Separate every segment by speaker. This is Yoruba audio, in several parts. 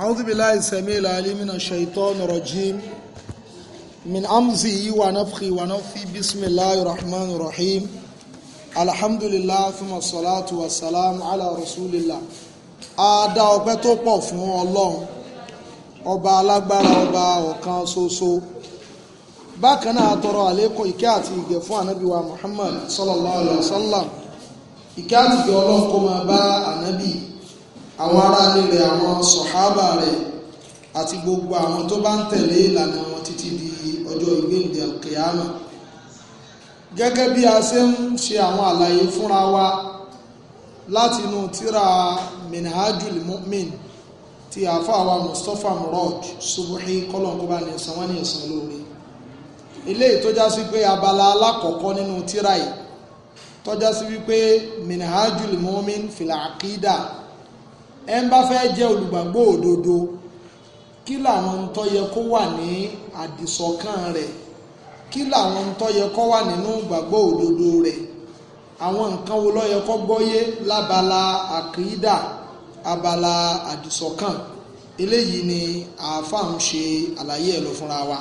Speaker 1: أعوذ بالله السميع العليم من الشيطان الرجيم من أمزه ونفخه ونفخه بسم الله الرحمن الرحيم الحمد لله ثم الصلاة والسلام على رسول الله a dá ọpẹ́ tó pọ̀ fún Ọlọ́run ọba alágbára ọba ọ̀kan ṣoṣo bákan náà tọrọ àlékún ìkẹ́ àti ìgẹ̀ fún ànábì wa Muhammad sallallahu alaihi wa sallam ìkẹ́ àti ìgẹ̀ Ọlọ́run kó máa bá ànábì yìí
Speaker 2: àwọn aráalé rẹ̀ àwọn
Speaker 1: sọ̀hábà rẹ̀ àti gbogbo àwọn tó bá ń tẹ̀lé ìlànà wọn títí di ọjọ́ ìgbéǹde àkèámà gẹ́gẹ́ bí a ṣe ń ṣe àwọn àlàyé fúnra wa láti inú tíra minhajul mu'min ti àfáàwà mustapha murad subuhi kọlọ̀nkọba ní ìsanwó ní ìsan lóore eléyìí tó já sí pé abala alákọ̀ọ́kọ́ nínú tíra yìí tó sí wípé minhajul mu'min filakida ẹ ń bá fẹ́ jẹ́ olùgbàgbọ́ òdodo kí làwọn ń tó yẹ kó wà ní àdìsọ́kàn rẹ̀ kí làwọn ń tó yẹ kó wà nínú ìgbàgbọ́ òdodo rẹ̀ àwọn nǹkan wo ló yẹ kó gbọ́yé lábala àkìídà abala àdìsọ́kàn eléyìí ni àáfàá ń ṣe àlàyé ẹ̀ lọ fúnra wa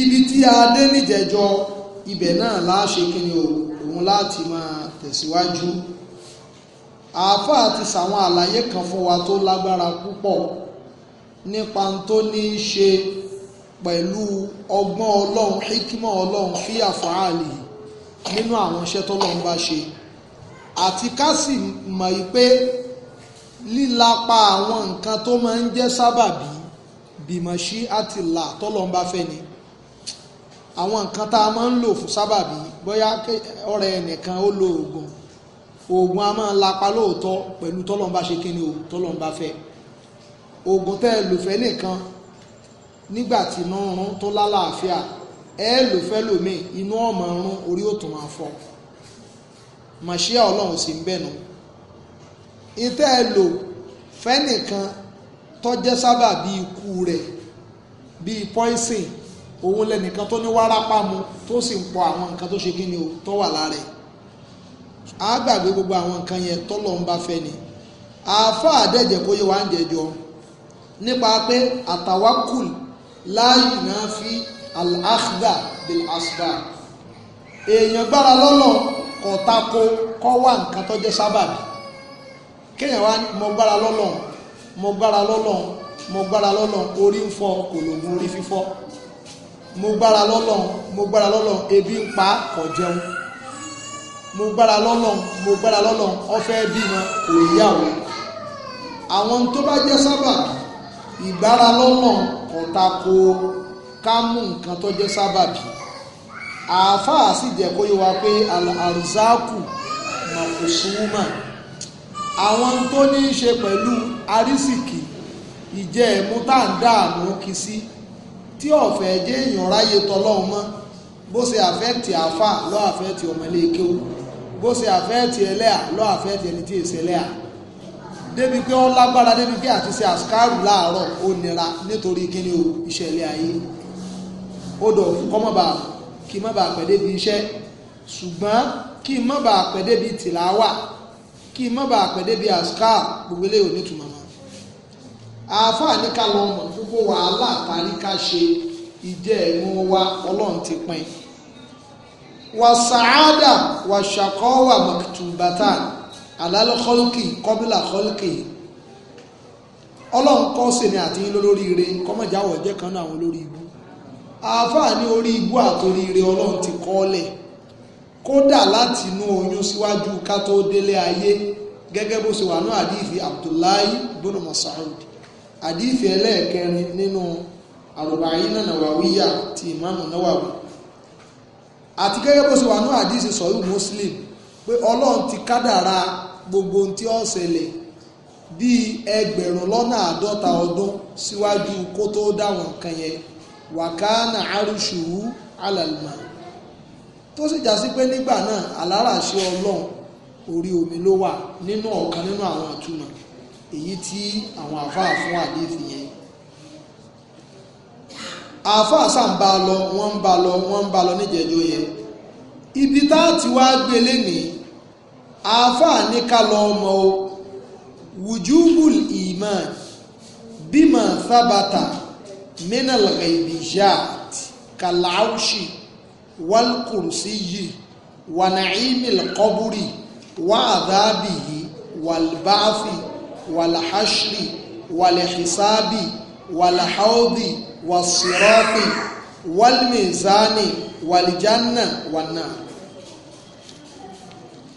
Speaker 1: ibi tí a dé níjẹ̀jọ ibẹ̀ náà láṣẹ kí ni òun láti máa tẹ̀síwájú. Si àáfàá ti sàwọn àlàyé kan fún wa tó lágbára púpọ̀ nípa tó ní í ṣe pẹ̀lú ọgbọ́n ọlọ́run hikima ọlọ́run fi àfàálì nínú àwọn iṣẹ́ tọ́lọ́run bá ṣe àti ká sì mọ̀ yìí pé lílapa àwọn nǹkan tó máa ń jẹ́ sábàbí bìmọ̀ṣí àti là tọ́lọ́run bá fẹ́ ni àwọn nǹkan tá a máa ń lò fún sábàbí bóyá ọ̀rẹ́ ẹnìkan ó lo oògùn oògùn a máa lapa lóòótọ́ pẹ̀lú tọ́lọ́n bá ṣe kíni o tọ́lọ́n bá fẹ́ oògùn tẹ́ ẹ lò fẹ́ nìkan nígbà tí iná rún tó lálàáfíà ẹ lò fẹ́ lòmíì inú ọmọ rún orí òtún máa fọ́ màṣíà ọlọ́run sì ń bẹ̀nu ìtẹ́ ẹ lò fẹ́ nìkan tọ́jẹ́ sábà bí ikú rẹ̀ bíi poison òun lẹ́nìkan tó ní wárápá mu tó sì ń pọ àwọn nǹkan tó ṣe kíni o tó wà lára ẹ̀ a gbàgbé gbogbo àwọn nǹkan yẹn tọ́lọ̀ ń bá fẹ́ ni àáfà àdẹ́jẹ̀ kó yé wa ń jẹjọ nípa pé àtàwákùl láàyè náà fi al-akhdha bil-asbab èèyàn gbára lọ́lọ́ kò tako kó wá nǹkan tó jẹ́ sábàbí kéèyàn wá mo gbára lọ́lọ́ mo gbára lọ́lọ́ mo gbára lọ́lọ́ orí ń fọ́ kò lògùn orí fífọ́ mo gbára lọ́lọ́ mo gbára lọ́lọ́ ebi ń pa kò jẹun mo gbára lọ́lọ́run mo gbára lọ́lọ́run ọ̀fẹ́ bímọ kò yíyàwó àwọn tó bá jẹ́ sábàbí ìgbára lọ́lọ́run ọ̀tà kò ká mú nǹkan tó jẹ́ sábàbí àáfàá sì jẹ́ kó yé wa pé àrùsáàkù màkùsùmà àwọn tó ní í ṣe pẹ̀lú arísìkì ìjẹ́ ẹ̀mú tá à ń dààmú kí sí tí ọ̀fẹ́ jẹ́ èèyàn ráyè tọlọ́run bó ṣe àfẹ́ẹ̀tì àáfàá lọ́ọ́ àfẹ́ẹ̀tì ọmọlé kéwù bó ṣe àfẹ́ẹ̀tì ẹlẹ́à lọ àfẹ́ẹ̀tì ẹni tí èsì ẹlẹ́à débi pé wọ́n lágbára débi pé àti ṣe àṣkárù láàárọ̀ ó nira nítorí kíní o iṣẹ́ ilé ayé ó dọ̀ kọ́ mọ́ bá kí mọ́ bá pẹ́ débi iṣẹ́ ṣùgbọ́n kí mọ́ bá pẹ́ débi tìláwà kí mọ́ bá pẹ́ débi àṣkárù gbogbo eléyìí ò ní tùmọ̀ mọ́ àáfàá ní ká lọ mọ̀ gbogbo wàhálà parí ká ṣe ìjẹ́ ẹ̀mú wa ọlọ́run ti pín in wà sàádà wà ṣàkọ́wà màkìtùbátà alálọ́kọ́lùkì kọ́bílà kọ́lùkì ọlọ́run kọ́ sèmi àti yín lórí ire kọ́mọ̀jáwọ̀ jẹ́ kan náà àwọn olórí ibú àáfàá ní orí ibú àtòrí ire ọlọ́run ti kọ́ọ́lẹ̀ kódà láti inú oyún síwájú ká tó délé ayé gẹ́gẹ́ bó ṣe wà ní àdífi Abdullahi ibn Mas'ud àdífi ẹlẹ́ẹ̀kẹrin nínú àrùbáyé náà ti Imam Nawawi àti gẹ́gẹ́ bó ṣe wà ní àdìsí sọ̀rọ̀ muslim pé ọlọ́run ti kádàrá gbogbo ohun tí ó ṣẹlẹ̀ bíi ẹgbẹ̀rún lọ́nà àádọ́ta ọdún síwájú kó tó dáwọn nǹkan yẹn wàkánà arúṣùwú alàlùmá tó sì já sí pé nígbà náà aláràṣẹ ọlọ́run orí omi ló wà nínú ọ̀kan nínú àwọn ìtumọ̀ èyí tí àwọn àfáà fún àdìsí yẹn àáfàá sàǹbà lọ wọ́n ń bá lọ wọ́n ń bá lọ níjẹ̀jọ́ yẹn ibi tá a ti wá gbé lénìí àáfàá ní ká lọ ọmọ o wùjúbùl ìmàn bímọ sábàtà minal ghaibijat kàláùsì wàlkùrùsì yìí wànàìmìl kọ́búrì wàdàbìyí wàlbáfì wàlhàṣrì wàlhìsábì. wàlàháódì wàsírọ́ọ̀tì wàlmìzánì wàlìjánà wànà.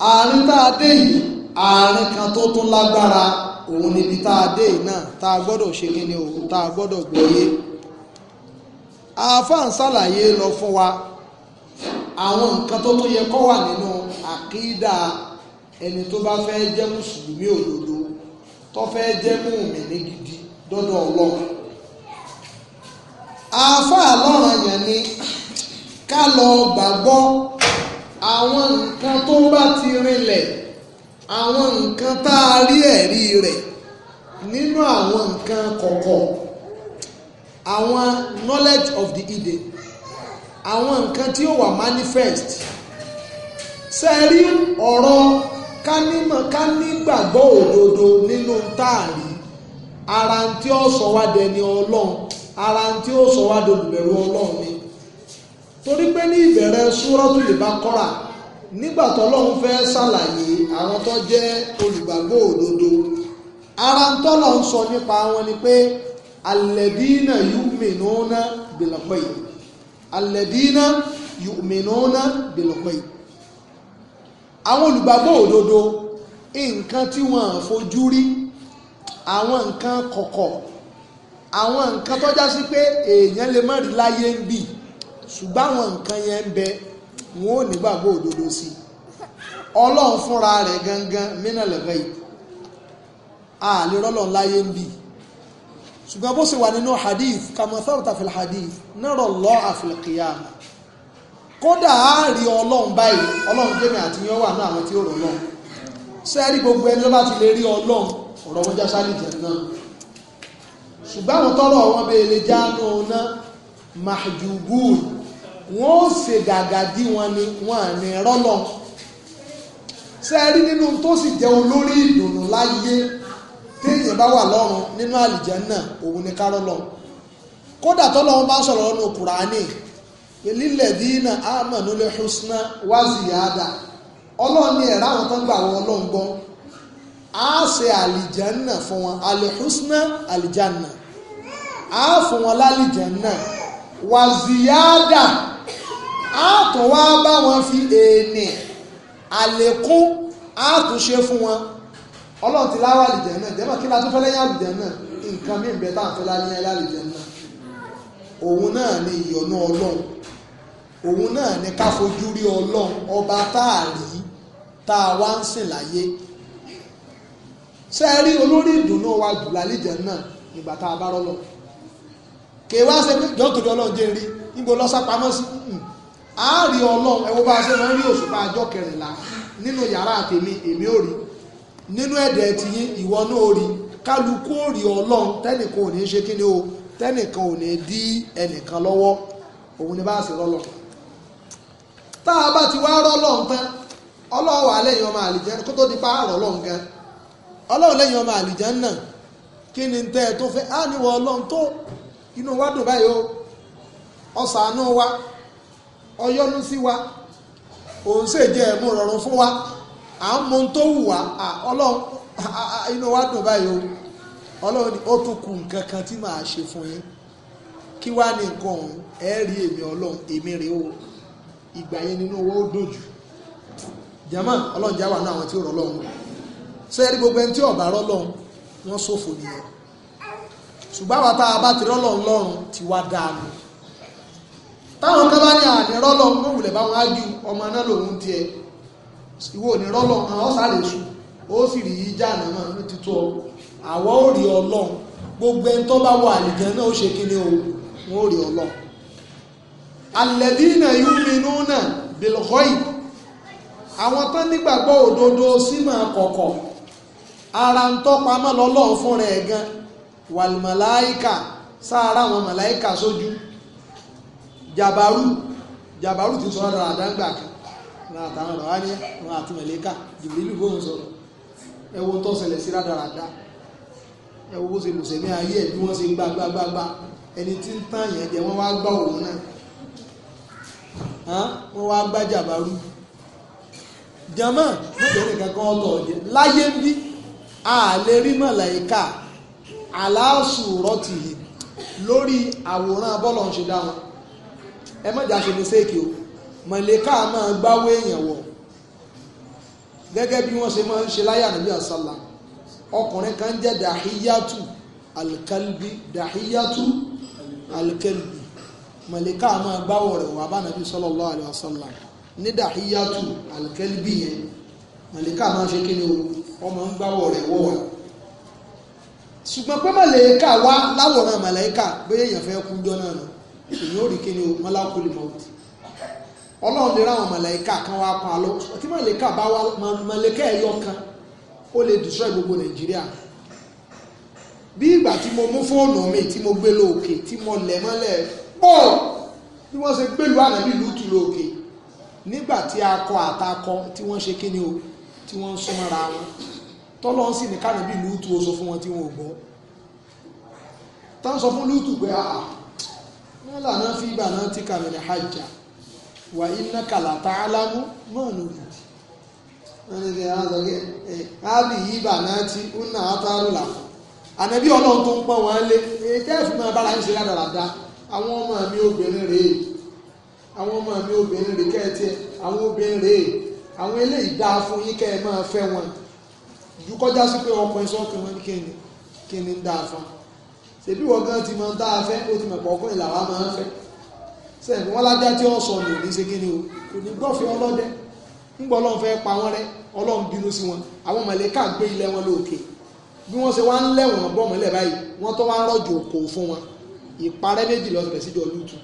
Speaker 1: àárín tá a dé yìí àárín kan tó tún lágbára òun níbi tá a náà gbọ́dọ̀ ṣe kí ni òun tá gbọ́dọ̀ gbọ́yé. àáfàá ń lọ wa gidi àáfàá lọ́ràn yẹn ni ká lọ gbàgbọ́ àwọn nǹkan tó bá ti rinlẹ̀ àwọn nǹkan tá a rí ẹ̀rí rẹ̀ nínú àwọn nǹkan kọ̀ọ̀kọ̀ àwọn knowledge of the ide àwọn nǹkan tí ó wà manifest ṣe rí ọ̀rọ̀ kánímọ̀ kánígbàgbọ́ òdodo nínú táàrí ara tí ó sọ wá dẹni ọlọ́run ara tí ó sọ wá dolùbẹ̀rù ọlọ́run ni torí pé ní ìbẹ̀rẹ̀ súrọ́tù lè bá kọ́ra nígbà tọ́lọ́run fẹ́ ṣàlàyé àwọn tó jẹ́ olùgbàgbọ́ òdodo ara ń tọ́lọ̀ ń sọ nípa wọn ni pé alẹ́dínà yu'minuna bìlọ̀pẹ̀ yìí alẹ́dínà yu'minuna bìlọ̀pẹ̀ yìí àwọn olùgbàgbọ́ òdodo nǹkan tí wọ́n fojú rí àwọn nǹkan kọ̀kọ̀ àwọn nǹkan tó já sí pé èèyàn lè má rí láyé ń bì ṣùgbọ́n àwọn nǹkan yẹn ń bẹ wọn ò nígbàgbọ́ òdodo sí i ọlọ́run fúnra rẹ̀ gangan mínà lẹ́fẹ̀ yìí a lè rọ́lọ́run láyé ń bì ṣùgbọ́n bó ṣe wà nínú hadith kamathar tafil hadith nírọ̀ lọ́ àfìlẹ̀kìyàmà kódà á rí ọlọ́run báyìí ọlọ́run jẹ́mi àti yẹn wà náà àwọn tí ó rọ̀ lọ́run sẹ́ẹ̀rí gbogbo ẹni ló bá ti lè rí ọlọ́run ọ̀rọ̀ wọn já sálì jẹ̀ náà ṣùgbọ́n àwọn tọ́rọ̀ wọn bèèrè jáánú ọ̀nà mahjubun wọn ó ṣe gàgà dí wọn ni wọn à ní rọ́lọ̀ ṣe é rí nínú tó sì jẹ́ olórí ìdùnnú láyé téèyàn bá wà lọ́run nínú àlìjánnà òun ni kárọ́lọ̀ kódà tọ́lọ́run bá sọ̀rọ̀ nínú kùránì lílẹ̀dínà àmọ̀nú lè húsná wá ziyada ọlọ́run ní ẹ̀rá àwọn tó gbà wọ ọlọ́run gbọ́ á ṣe àlìjánnà fún wọn àlìhúsná àlìjánnà á fún wọn lálìjànnà wàzíyáàdà á tún wá bá wọn fi èèní àlékún á tún ṣe fún wọn ọlọ́run ti láwà àlìjànnà jẹ́mọ̀ kí látún fẹ́ lẹ́yìn àlìjànnà nǹkan mí bẹ́ẹ̀ tá à ń fẹ́ láyé àlìjànnà òun náà ni ìyọ́nú ọlọ́run òun náà ni ká fojú rí ọlọ́run ọba tá tá a wá ń sìn láyé ṣe rí olórí ìdùnnú wa jù lálejò náà nígbà tá a bá rọ́lọ́run kèwá ṣe pé jọ́kìdì ọlọ́run jẹ́ rí níbo lọ́sàpamọ́ sí àárí hmm. ọlọ́run ẹwọ́ bá ṣe wọ́n rí òṣùpá ọjọ́ kẹrìnlá nínú yàrá àtèmi èmi ò rí nínú ẹ̀dẹ̀ ti yín ìwọ náà rí kálukú ò rí ọlọ́run tẹ́nìkan ò ní o tẹ́nìkan ò ní dí ni bá ṣe lọ. tá a bá ti wá tán ọmọ àlìjẹ́ kó di inú wa dùn báyìí o ọ̀sánú wa ọyọ́nú sí wa òun sì jẹ́ ẹ̀mú rọrùn fún wa à ń mọ tó wù wá ọlọ́run inú wa dùn báyìí o ọlọ́run ni ó tún kù nǹkan kan tí màá ṣe fún yín kí wá ní nǹkan ọ̀hún ẹ rí èmi ọlọ́run èmi rèé o ìgbà yẹn nínú owó ó dùn jama ọlọ́run jáwà náà àwọn tí ó rọ ọlọ́run sẹ́yìn gbogbo ẹni tí ọ̀bà rọ́ ọlọ́run wọ́n ṣòfò nìyẹn ṣùgbọ́n àwọn tá a bá ti rọ́lọ̀ ńlọ́run ti wá dáa nù táwọn kan bá ní àní rọ́lọ̀ ló wùlẹ̀ bá wọn á ju ọmọ náà lòun tiẹ̀ ìwọ ò ní rọ́lọ̀ àwọn ọ̀sàlè sùn ó sì rí yíjà náà ní títọ́ àwọ̀ ò rí ọlọ́run gbogbo ẹni tó bá wọ àlìjẹ náà ó ṣe kíni o wọn ò rí ọlọ́run alẹ́dínà yúmínúnà bìlọ́ì àwọn tán nígbàgbọ́ òdodo símọ̀ kọ̀kọ̀ ara ń tọ́pamọ́ lọ́lọ́run fúnra ẹ̀ gan wàlmàláìkà sáárà àwọn màláìkà sójú jàbárù jàbárù ti sọ ọ́dọ̀ àdáńgbà kan wọn àtàwọn ọ̀rọ̀ wáyé wọn àti màláìkà jìbìlì bóun sọ̀rọ̀ ẹ wo tó ṣẹlẹ̀ sí rádaràdá ẹ wo bó ṣe lùsẹ̀ ní ayé ẹ̀ bí wọ́n ṣe gbágbágbá ẹni tí ń tàn yẹn jẹ wọ́n wá gbá òun náà wọ́n wá gbá jàbárù jama mọ̀tẹ́nìkan kan ọ̀tọ̀ ọ̀jẹ̀ láyé ń bí a rí màláìkà aláṣùrọ̀ ti hì lórí àwòrán bọ́ọ̀lù ń ṣe dá wọn ẹ mọ̀jà ṣe ní séèkì o mọ̀lẹ́ká máa gbáwó èèyàn wọ̀ gẹ́gẹ́ bí wọ́n ṣe máa ń ṣe láyé ànábì àṣàlá ọkùnrin kan jẹ́ dàhíyàtù alkalbi dàhíyàtù alkalbi mọ̀lẹ́ká máa gbáwó rẹ̀ wà bá ànábì sallallahu alaihi wasallam ní dàhíyàtù alkalbi yẹn mọ̀lẹ́ká máa ṣe kí ni o ọmọ ń gbáwó rẹ̀ wọ̀ wà ṣùgbọ́n pé màlẹ́kà wá láwòrán màlẹ́kà bóyá èèyàn fẹ́ kú jọ náà nù èèyàn ò rí kí ni o mọ́lákùlì mọ́tì ọlọ́run lè ráwọn màlẹ́kà kan wá pa lọ tí màlẹ́kà bá wá màlẹ́kà ẹ̀yọ kan ó lè destroy gbogbo nàìjíríà bí ìgbà tí mo mú fóònù mi tí mo gbé lóòkè tí mo lẹ̀ mọ́lẹ̀ pọ̀ bí wọ́n ṣe gbèlú ànábì lùtù lóòkè nígbà tí akọ àtakọ tí wọ́n ṣe kí ni o tí wọ́n ń súnmọ́ra wọn tọ́lọ́n sì ní kánàbí lútù ó sọ fún wọn tí wọn ò gbọ́ tán sọ fún lútù pé àà wọ́n lànà fi ibà náà ti kàmì ní hajjá wà iná kàlàtà alámú náà ló rí di wọ́n ní kìí ránṣọ kí ẹ ábì ibà náà ti ó àwọn ọmọ mi fún yín ẹ máa fẹ́ wọn ju kọjá sí pé ọkùnrin sọ́kùnrin wọn ní kíni kíni ń dáa fún ṣèbí wọn gan ti máa ń dáa fẹ́ ó ti mọ̀ pọ̀ ọkùnrin làwa máa ń fẹ́ sẹ́yìn wọn lájá tí ó sọ ní òní ṣe kíni o kò ní gbọ́fẹ́ ọlọ́dẹ ńgbọ́ ọlọ́run fẹ́ pa wọ́n rẹ́ ọlọ́run bínú sí wọn àwọn mọ̀lẹ́kà gbé ilẹ̀ wọn lóòkè bí wọ́n ṣe wá ń lẹ̀wọ̀n bọ́ mọ́lẹ̀ báyìí wọ́n tó wá ń rọ̀jò òkò fún wọn ìparẹ́ méjì lọ bẹ̀ síjọ lútu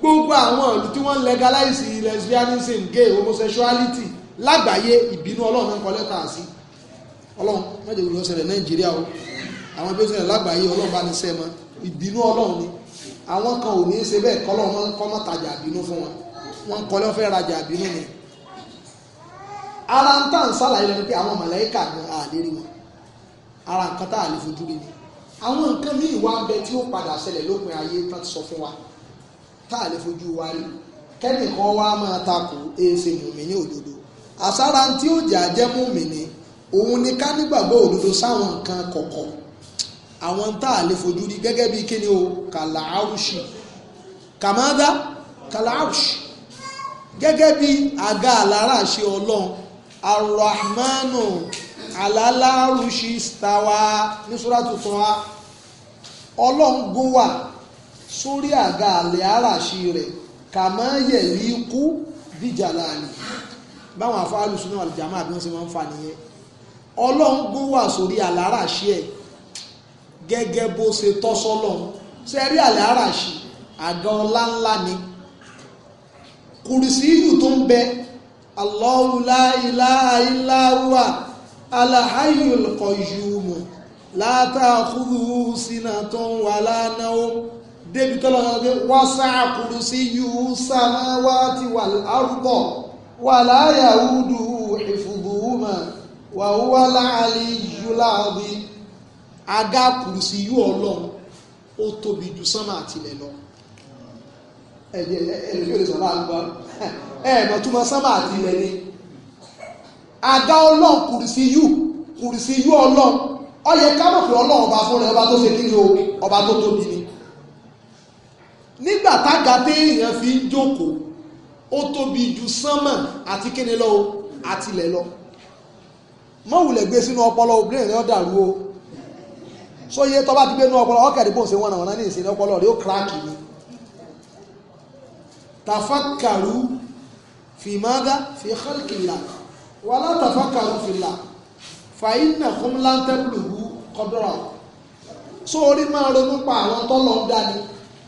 Speaker 1: gbogbo àwọn ìlú tí wọ́n legalize lesbianism gay homosexuality lágbàáyé ìbínú ọlọ́run ń kọ lẹ́tà sí i ọlọ́run mẹ́jọ gbogbo ọ̀sẹ̀rẹ̀ nàìjíríà o àwọn bí ó ṣẹlẹ̀ lágbàáyé ọlọ́run bá ní sẹ́ mọ́ ìbínú ọlọ́run ni àwọn kan ò ní í ṣe bẹ́ẹ̀ kọ́lọ́run máa ń kọ́ mọ́ tajà àbínú fún wọn wọn kọ́ lọ́ fẹ́ rajà àbínú ni. ara ń tàn sálàyé lẹ́nu pé àwọn màláíkà gan àlérí wọn ara nǹkan tá à lè fojú rí ni àwọn nǹkan míì wá ń bẹ tí ó padà ṣẹlẹ̀ lópin ayé tán ti sọ fún wa tá à lè fojú wa rí kẹ́nìkan wá máa takò èèṣe e mùmí ní òdodo àsára tí jẹ́ mùmí ni òun ni ká nígbàgbọ́ òdodo sáwọn nǹkan kọ̀kọ̀ àwọn tá a lè fojú rí gẹ́gẹ́ bí kíni o kàlàáwùsì kàmáńdá kàlàáwùsì gẹ́gẹ́ bí àga àlàrà ṣe ọlọ́run arahmanu alálàrúṣì stawa ní sura tuntun wa ọlọ́run gún wà sórí àga àlàrà ṣe rẹ̀ kàmáyẹ̀lì kú bíjàlá ni báwọn afáàlùsùn náà àlùjámà bí wọ́n ṣe máa ń fa nìyẹn ọlọ́run gún wà sórí àláràṣí ẹ̀ gẹ́gẹ́ bó ṣe tọ́ sọ́lọ́run ṣe rí àláràṣí àga ọlá ńlá ni kùrìsìyù tó ń bẹ Allahu la ilaha illa huwa al-hayyul qayyum la ta'khudhuhu sinatun wala nawm débi tọ́lọ́ náà pé wasa'a kùrìsìyù samawati wal arda wala yahuduhu wàhúwá láàlì yúláàbí aga kùrùsì yú ọlọ́run ó tóbi ju sánmà àtìlẹ̀ lọ ẹ̀jẹ̀ ẹ̀lẹ́fẹ́ òde sọ̀rọ̀ àgbà ẹ̀ẹ̀mọ̀ túmọ̀ sánmà àtìlẹ̀ ni àga ọlọ́run kùrùsì yú kùrùsì yú ọlọ́run ó yẹ ká mọ̀ pé ọlọ́run ọba fúnra ọba tó ṣe kí ni o ọba tó tóbi ni nígbà tága téèyàn fi ń jókòó ó tóbi ju sánmà àti kíni lọ àtilẹ̀ lọ mọ́ wulẹ̀ gbé sínú ọpọlọ obìnrin rẹ̀ ó dàrú o so iye tó bá ti gbé nínú ọpọlọ ọkẹ́rì bò ń ṣe wọn àwọn náà ní ìsìn ọpọlọ rẹ̀ ó kíráàkì ni tafakkaru fi mada fi khalqillah wala tafakkaru fillah fàyínà fún láńtẹ́bùlù kọ́dọ̀rà so orí máa ronú pa àwọn tọ́lọ̀ ń dání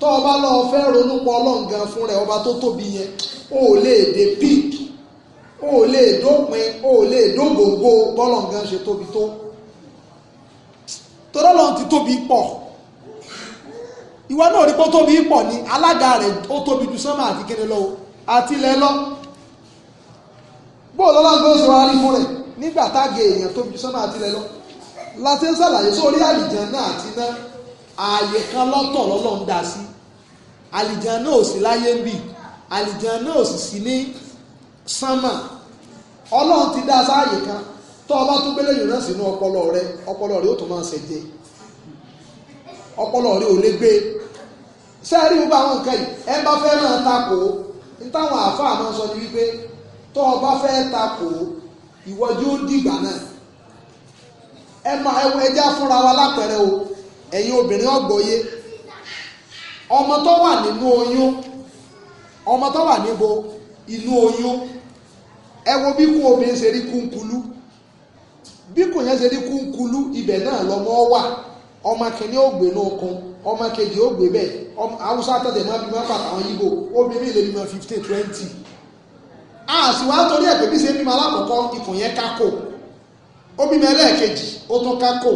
Speaker 1: tọ́ ọba lọ́ọ́ fẹ́ ronú pa ọlọ́ǹgàn fún rẹ̀ ọba tó tóbi yẹn ó lè dé píìkì o ò lè dópin o ò lè dógógó bọ́lọ̀ nǹkan ṣe tóbi tó torí ọlọ́run ti tóbi pọ̀ ìwọ náà rí pé tóbi pọ̀ ni alága rẹ̀ ó tóbi ju sánmà àti kéde lọ àti ilẹ̀ lọ bóò lọ́lá gbé oṣù wa rí fún rẹ̀ nígbà táàgé èèyàn tóbi ju sánmà àti ilẹ̀ lọ láti ń ṣàlàyé sórí àlìjànnà àti iná ààyè kan lọ́tọ̀ lọ́lọ́run dá sí àlìjànnà ò sí láyé ń bì àlìjànnà ò sì sí ní sama ọlọ́run ti dá sáàyè kan tó bá gbélé yìí sínú ọpọlọ rẹ ọpọlọ rẹ ó tó máa ọpọlọ rẹ ò lè gbé sẹ́ẹ̀rí gbogbo àwọn nǹkan yìí ẹ bá fẹ́ máa takò ó àáfàá máa sọ ní wípé tó fẹ́ takò ó ìwọ́jú ó dìgbà náà o ẹ̀yin obìnrin ọgbọ̀ye ọmọ tó wà nínú oyún ẹ wo bí kú omi ṣe rí kúnkulú bí kò yẹn ṣe rí kúnkulú ibẹ̀ náà lọ́mọ wà ọmọ kìíní ó gbé ní okun ọmọ kejì ó gbé bẹ́ẹ̀ haúsá tẹ̀tẹ̀ máa bímọ pàtàkì Ìgbò obìnrin lè bímọ fifteen twenty àṣìwá torí ẹ̀ pé bí ṣe bímọ alákọ̀ọ́kọ́ ikùn yẹn kákò ó bímọ ẹlẹ́ẹ̀kejì ó tún kákò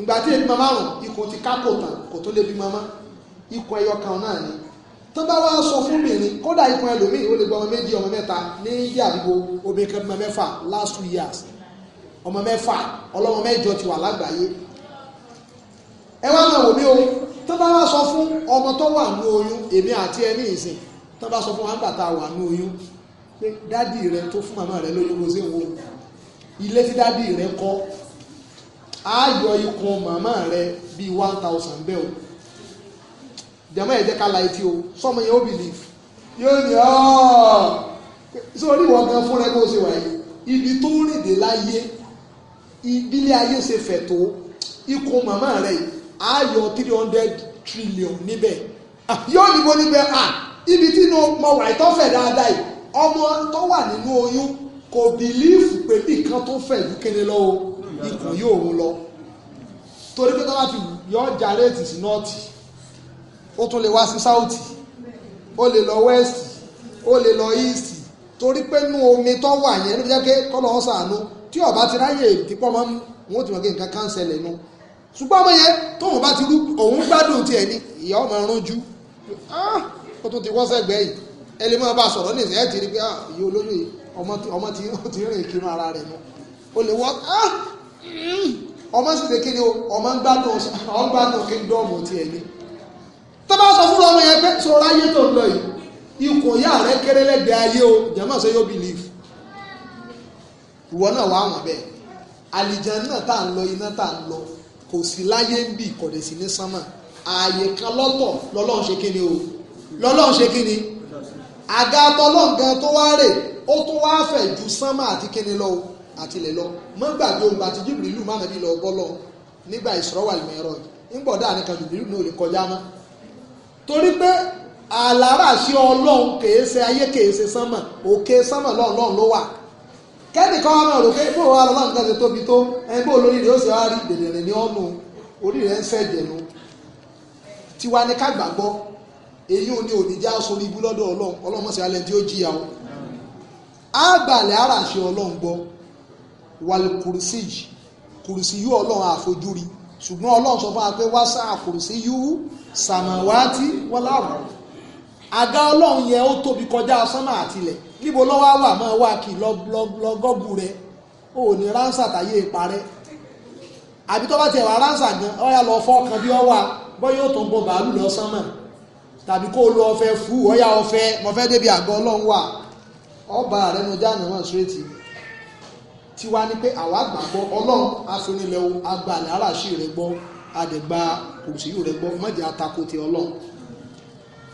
Speaker 1: ìgbà tí ebi mọ márùn ikùn ti kákò tán kò tó lè bímọ mọ́ ikùn ẹyọ kan náà ni tó bá wá sọ fún obìnrin kódà ipò ẹlòmíì ó lè gba ọmọ méjì ọmọ mẹ́ta ní yíyà àdúgbò obìnrin kan bímọ mẹ́fà last two years ọmọ mẹ́fà ọlọ́mọ mẹ́jọ ti wà lágbàáyé ẹ wá náà wò mí o tó bá wá sọ fún ọmọ tó wà ní oyún èmi àti ẹni ìsìn tó bá sọ fún wa nígbà tá a wà ní oyún pé dádì rẹ tó fún màmá rẹ lóyún lóṣè wo ilé tí dádì rẹ kọ́ á ikùn màmá rẹ bíi one thousand bẹ́ẹ̀ o jẹ̀mọ́ ẹ̀jẹ̀ ká la etí o sọmọ yẹn ó believe yóò ní ọ́ sọ oníwọ̀n gan fúnra ẹ̀ kó o ṣe wà yìí ibi tó rìn dé láyé ìbílẹ̀ ayé ṣe fẹ̀ tó ikùn màmá rẹ̀ á yọ three hundred trillion níbẹ̀ yóò níbo níbẹ̀ à ah, ibi tí inú ọmọ wà ìtọ́fẹ̀ dáadáa yìí ọmọ tó wà nínú oyún kò bìlífù pé nìkan tó fẹ̀ ló kéde lọ́wọ́ ikùn yóò mú lọ torí pé tó bá ti yọ ọjà rẹ́ẹ̀tì sí nọ́ọ̀tì ó tún lè wá sí south ó lè lọ west ó lè lọ east torí pé nú omi tó wà yẹn ló fi jẹ́ pé kọ́lọ́ ọ̀sánú tí ọba ti ráyè tipọ́ mọ́ wọn ó ti mọ̀ kí nǹkan káńsẹ̀lẹ̀ nu ṣùgbọ́n ọmọ yẹn tóun bá ti rú òun gbádùn tiẹ̀ ni ìyá ọmọ ọrùn ju ah, ó tún ti wọ́sẹ̀ gbẹ̀yìn ẹ lè máa bá a sọ̀rọ̀ nìyẹn ẹ ti rí pé ah, ìyá olóyè ọmọ ti rìn kiri ara rẹ̀ nu ó lè wọ́ ah, mm, ọmọ sì lè kí ni o ọmọ ń gbádùn tiẹ̀ ni tó bá sọ fún ọmọ yẹn pé sọ ráyé tó ń lọ yìí ikùn ìyá rẹ kéré lẹ́gbẹ̀ẹ́ ayé o jẹ́mọ̀ sọ yóò bìlíf ìwọ náà wà wọ̀n bẹ́ẹ̀ àlìjàn náà tá à ń lọ iná tá à ń lọ kò sí láyé ń bì kọ̀dẹ̀ sí ní sánmà ààyè kan lọ́tọ̀ lọ́lọ́run ṣe kíni o lọ́lọ́run ṣe kíni àga tọ́lọ́run gan tó wá rè ó tó wá fẹ̀ ju sánmà àti kíni lọ àtìlẹ̀ lọ mọ́ gbàgbé ohun àti Jibrilu má nàbí lọ bọ́ lọ nígbà Isra wal Mi'raj nígbọ̀dá nìkan Jibrilu náà lè kọjá mọ́ torí pé àlàràṣí ọlọ́run kèé ṣe ayé kèé ṣe sánmà òkè sánmà lọ́ọ̀lọ́ọ̀ ló wà kẹ́nìkan wa máa rò pé bó wa lọ́la nǹkan ṣe tóbi tó ẹni bó lórí rẹ̀ ó sì wá rí dèrèrè ní ọ̀nù orí rẹ̀ ń ṣẹ̀jẹ̀ nu tiwa ni ká gbàgbọ́ èyí ò ní òní já sórí ibú lọ́dọ̀ ọlọ́run ọlọ́run mọ̀sí alẹ́ tí ó jìyà o á gbàlẹ̀ ara àṣẹ ọlọ́run gbọ́ wàlẹ̀ kùrìsíjì kùrìsí yú ọlọ́run àfojúrí ṣùgbọ́n ọlọ́run sọ fún wa pé wá sáà kùrùsí yúhú sàmàwátì wọlá ọ̀rọ̀ àga ọlọ́run yẹn ó tóbi kọjá sánmà àtilẹ̀ níbo lọ́wọ́ wà máa wá kì lọ́gọ́gù rẹ ó ní ránṣà táyé parẹ́ àbí tó bá tiẹ̀ wá ránṣà gan ọ̀yà lọ fọ́ kan bí ọ wà bọ́yọ̀ tó ń bọ bàálù lọ sánmà tàbí kó lo ọ̀fẹ́ fú ọ̀yà ọ̀fẹ́ mọ̀fẹ́ débi àgọ́ ọlọ́run wà ọba rẹ̀ nu jáàmù tiwa ni pé àwa gbàgbọ́ ọlọ́run afinilẹ̀ o agba àlàáṣì rẹ gbọ́ adẹ̀gba kùsìlú rẹ gbọ́ mọ̀jẹ̀ atako ti ọlọ́run.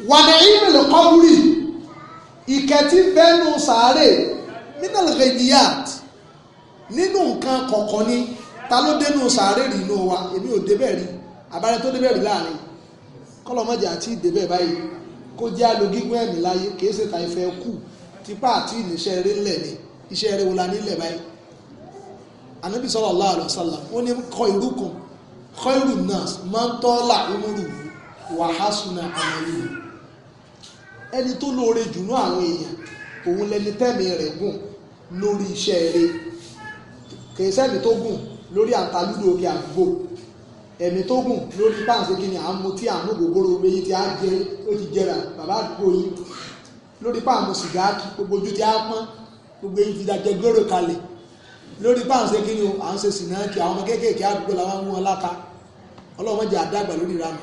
Speaker 1: wàlẹ̀ ìmìlẹ̀ kọ́wúrì ìkẹtí bẹ́ẹ̀nù sàárè nínú rẹ̀díyàt nínú nǹkan kọ̀ọ̀kan ni ta ló dénú sàárè rí inú wa èmi ò débẹ̀ rí àbárẹ tó débẹ̀ rí láàrin kọ́lọ́mọ̀jẹ̀ àti ìdébẹ̀ báyìí kó jẹ́ alogígún ẹ̀mí láyé kì í ṣètà ìfẹ́ kù tipa àti ìníṣẹ́ eré ńlẹ̀ ni iṣẹ́ eré wo la nílẹ̀ báyìí anabi sallallahu alaihi wasallam ó ní khairukum khairun nas man tala umruhu wa hasuna amaluhu ẹni tó lóore jù ní àwọn èèyàn òun lẹni tẹ́mi rẹ̀ gùn lórí iṣẹ́ rẹ̀ kìí sẹ́mi tó gùn lórí àtàlúdò orí àgbo ẹ̀mí tó gùn lórí páǹsì kìíní àmú tí àmú gbogbooro méjì tí a jẹ ó ti jẹrà bàbá àdúgbò yìí lórí páàmù sìgá gbogbo ojú tí a pọ́n gbogbo eyín ti dàjẹ́ gbèrò kalẹ̀ lórí páànsẹ̀ kí ni o à ń ṣe sìnáàkì àwọn ọmọ kéékèèké àdúgbò làwọn mú wọn láta ọlọ́run mọ̀jẹ̀ àdàgbà lórí ìranù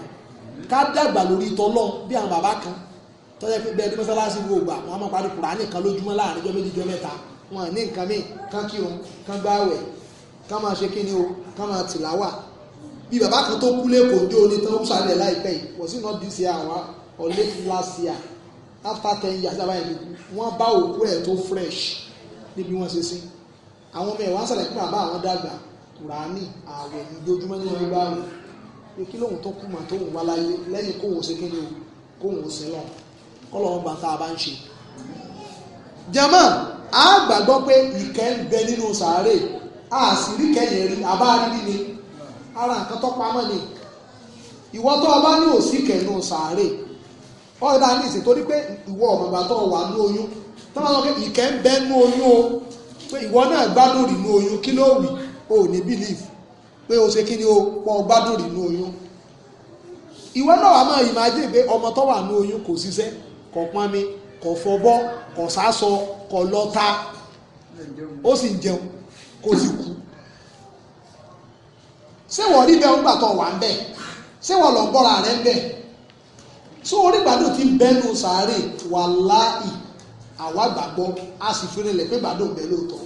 Speaker 1: ká dàgbà lórí tọ́lọ́ bí àwọn bàbá kan tọ́jà pé bẹ́ẹ̀ ní mọ́sálásí wo gbà wọn máa parí kùránì kan lójúmọ́ láàrin ọjọ́ méjì ọjọ́ mẹ́ta wọn ní nǹkan míì kán kí òun kán gbáwẹ̀ kán máa ṣe kí ni o kán máa tìláwà bí bàbá kan tó kú lẹ́kọ̀ọ́ ní òní tán ó sàlẹ̀ láìpẹ́ yìí wọ́n last year after ten years àbáyé wọ́n bá òkú ẹ̀ tó fresh níbi wọ́n ṣe sìn àwọn ọmọ ẹ̀wọ̀n sàlẹ̀ pé bàbá àwọn dàgbà kùránì ààwẹ̀ ní ojoojúmọ́ ní ọjọ́ báwẹ̀ pé kí lóhun tó kú mà tóhun wá láyé lẹ́yìn kóhun ṣe kí ni o kóhun ṣe lọ kọ́lọ́hún bá tá a bá ń ṣe. jẹ́mọ́ a gbàgbọ́ pé ìkẹ́ ń bẹ nínú sàárè a sì rí kẹ́yìn rí àbá rí ni ara nǹkan tó pamọ́ ni ìwọ tó o bá ní òsì kẹ́nu sàárè ọ̀rẹ́ bá ní ìsìn torí pé ìwọ ọ̀mọ̀gbà tó wà ní oyún tó máa lọ pé ìkẹ́ ń bẹ nínú oyún o pé ìwọ náà gbádùn rìnú oyún kí o ò ní o ṣe kí o pọ gbádùn rìnú oyún ìwọ náà wà máa pé ọmọ tó wà ní oyún kò ṣiṣẹ́ kò pọn kò fọbọ́ kò sásọ kò lọ́ta ó sì ń jẹun kò sì kú ṣé wọ́n rí lọ ń gbàdúrà sàárè àwa gbàgbọ́ a sì fi rinlẹ̀ pé gbàdùn bẹ́ẹ̀ lóòótọ́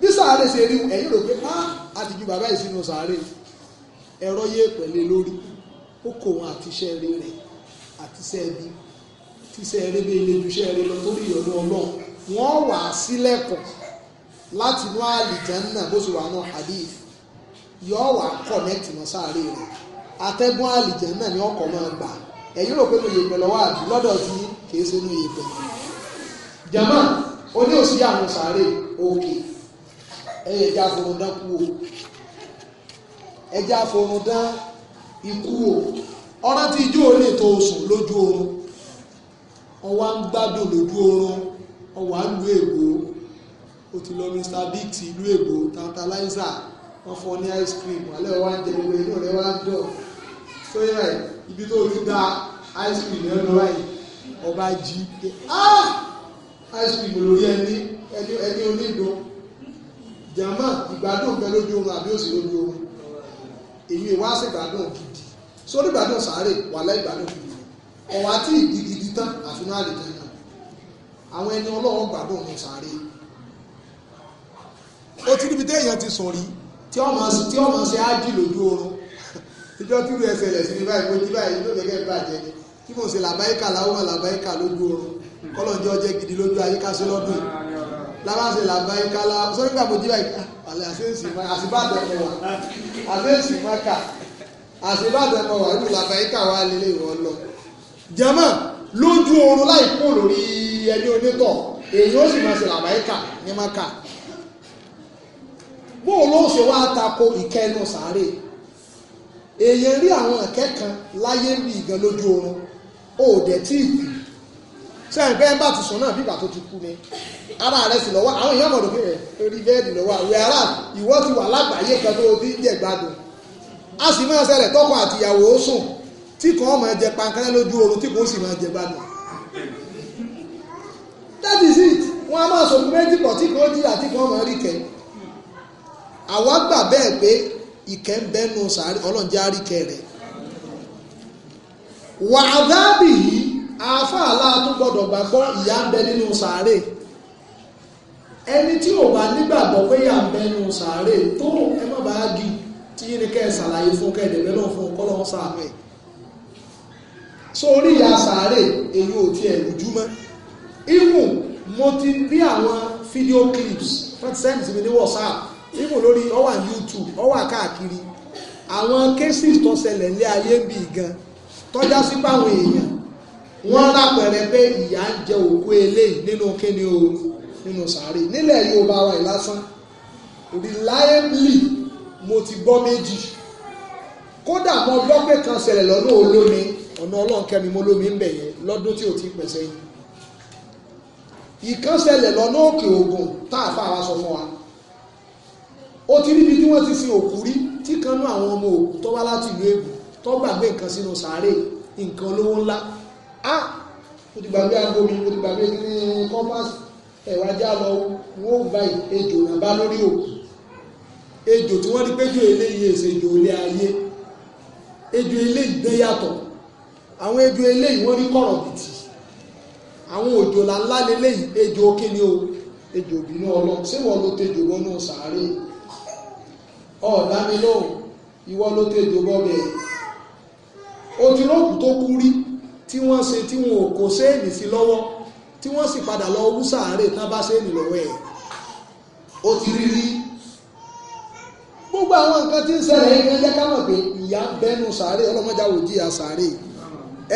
Speaker 1: bí sàárè ṣe rí ẹ̀yìn rò pé á àti ju bàbá yìí sínú sàárè ẹ̀rọ yé pẹ̀lẹ́ lórí ó kò wọn àti iṣẹ́ eré rẹ̀ àti iṣẹ́ ẹbí tí iṣẹ́ eré bí ilé iṣẹ́ eré lọ torí ìyọ̀nù ọlọ́run wọ́n wà sílẹ̀kùn láti inú àlìjánná bó ṣe wà náà hadith yọ wà kọ̀nẹ́tì mọ́ sàárè rẹ̀ atẹ́gùn àlìjánná ni ọkọ̀ máa gbà ẹ̀yìn rò pé mo yèpẹ̀ lọ́wọ́ àbí lọ́dọ̀ tí kì í ṣe inú yèpẹ̀ jama oní òsì àwọn sàárè òkè ẹyẹ ẹja àforundán kú o ẹja àforundán ikú o ọ̀rọ̀ tí ijó olè tó sùn lójú oorun ọwọ́ ń gbádùn lójú oorun ọwọ́ ń lu ègbò o ti lọ Mr Biggs ìlú ègbò tantalizer wọ́n fọ ní ice cream alẹ́ wa ń jẹ gbogbo inú rẹ wá ń dọ̀ sóyè ibi tó ti da ice cream lẹ́nu rẹ ọba jí ah ice cream lórí ẹni ẹni ẹni onídùn jàmá ìgbádùn bẹ lójú oorun àbí òsì lójú oorun èyí ìwá sí ìgbádùn gidi sórí ìgbádùn sáré wà láì ìgbádùn gidi ọ̀wá tí ìdígidi tán àfinú àlejò náà àwọn ẹni ọlọ́run gbàgbọ́ òun sáré ó ti níbi téèyàn ti sùn rí tí ọmọ ṣe ájì lójú oorun ìjọ tí ó ẹsẹ̀ lẹ̀ sí ní báyìí mo ní báyìí ló gẹ́gẹ́ bàjẹ́ ni kí mo ṣe làbáyíkà láwọn làbáyíkà lójú oorun kọ́lọ́njọ́ jẹ́ gidi lójú ayé kásẹ́ lọ́dún yìí lábàṣẹ làbá yín kálá sọ́rí gbàgbọ́ jí báyìí ah, àlẹ́ àṣẹ́sì máa àṣìbàdàn mọ̀ wá àṣẹ́sì máa kà àṣìbàdàn mọ̀ wá nínú làbá yín kà wá lélẹ̀ ìwọ lọ. jama lójú oorun láì kó lórí ẹni onítọ̀ èyí ó sì máa ṣe làbá yín kà ní máa kà. bóun ló ṣe wá tako ìkẹnu sàárè èèyàn rí àwọn akẹ́kọ̀ọ́ láyé ń bì lójú oorun ó dẹ̀ tí ì kú sẹ́yìn pé ẹ̀ńbà ti sùn náà bí ìgbà tó ti kú ni ara rẹ̀ sì lọ́wọ́ àwọn èèyàn mọ̀dọ̀ pé rí bẹ́ẹ̀dì lọ́wọ́ àwẹ̀ ara ìwọ ti wà lágbàáyé kan tó ti jẹ̀ gbádùn a sì máa ṣẹlẹ̀ tọkọ àtìyàwó sùn tí kan máa jẹ pankẹ́rẹ́ lójú oorun tí kò sì máa jẹ gbádùn that is it wọn a máa sọ fún méjì pọ̀ tí kan jí àti kan máa rí kẹ́ àwa gbà bẹ́ẹ̀ pé ìkẹ́ ń bẹ́nu ọlọ́njẹ́ àríkẹ́ rẹ̀ wàhálà bìí àáfàá láàtún gbọ́dọ̀ gbàgbọ́ ìyá ń bẹ nínú sàárè ẹni tí ò bá nígbàgbọ́ pé ìyá ń bẹ nínú sàárè tó ẹ má bàá gi tí yín ni kẹ́ ẹ ṣàlàyé fún kẹ́ ẹ dẹ̀bẹ́ náà fún ọkọ́ lọ́wọ́ sàárè sórí ìyá sàárè èyí ò tiẹ̀ rújú mọ́ even mo ti rí àwọn fídíò clips wọ́n ti sẹ́ǹdì sí mi ní WhatsApp even lórí ó YouTube ó wà káàkiri àwọn cases tó ṣẹlẹ̀ ní ayé bíi gan tọ́já sí pàwọn èèyàn wọ́n lápẹẹrẹ pé ìyá ń jẹ òkú eléyìí nínú kíni o nínú sàárè nílẹ̀ Yorùbá wa yìí lásán reliably mo ti gbọ́ méjì kódà mo gbọ́ pé kan ṣẹlẹ̀ lọ́nà olómi ọ̀nà ọlọ́nkẹ́mi mo lómi ń bẹ̀ yẹn lọ́dún tí ò ti pẹ̀sẹ̀ yìí ìkan ṣẹlẹ̀ lọ́nà òkè ògùn tá a fà wá sọ fún wa ó ti ríbi tí wọ́n ti sin òkú rí tí kan nú àwọn ọmọ òkú tó wá láti ìlú èbù tó gbàgbé nǹkan sínú sàárè nǹkan olówó ńlá a ah, o ti gbàgbé aago mi o ti gbàgbé ní kọ́mpásì ẹ̀wà já lọ wọ́n ó gba ejò náà bá lórí òkú ejò tí wọ́n rí péjò eléyìí èsè ejò ilé ayé ejò eléyìí gbé yàtọ̀ àwọn ejò eléyìí wọ́n rí kọ̀rọ̀ bìtì àwọn òjò làńlá leléyìí ejò kíni o ejò bínú ọlọ ṣé wọ́n ló tejò wọnú sàárè ọ̀dá mi lóhùn ìwọ ló tejò bọ́ bẹ́ẹ̀ ojúlókù tó kú rí tí wọ́n ṣe tí wọn ò kó séènì sí lọ́wọ́ tí wọ́n sì padà lọ wú sàárè tán bá séènì lọ́wọ́ ẹ̀ ó ti rí rí gbogbo àwọn nǹkan tí ń ṣẹlẹ̀ yìí ẹjẹ́ ká mọ̀ pé ìyá ń bẹ́nu sàárè ọlọ́mọdé àwọn òjì àsàárè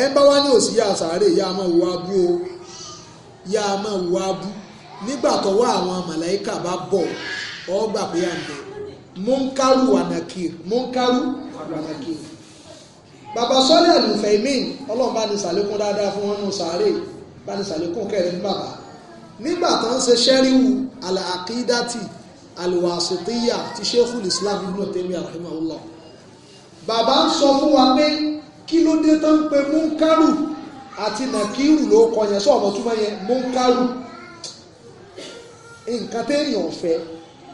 Speaker 1: ẹ ń bá wá ní òsì yá àsàárè yá máa wọ abú o yá máa wọ abú nígbà tọwọ́ àwọn màláìkà bá bọ̀ ọ gbà pé à mọ́ńkárù ànàkì mọ́ńkárù ànàkì bàbá sọ́lé àlùfẹ̀mín ọlọ́run bá ní sàlékún dáadáa fún wọn nù sàárè bá ní sàlékún kẹrin bàbá nígbà tó ń ṣe ṣẹ́ríwù àlàkídàtì àlùwàṣètìyà ti ṣéfùl islam ibn tèmi rahimahullah
Speaker 2: bàbá ń sọ fún wa pé
Speaker 1: kí ló dé tó ń pe munkaru àti nàkírù ló kọ yẹn sọ̀rọ̀ túmọ̀ yẹn munkaru nǹkan téèyàn fẹ́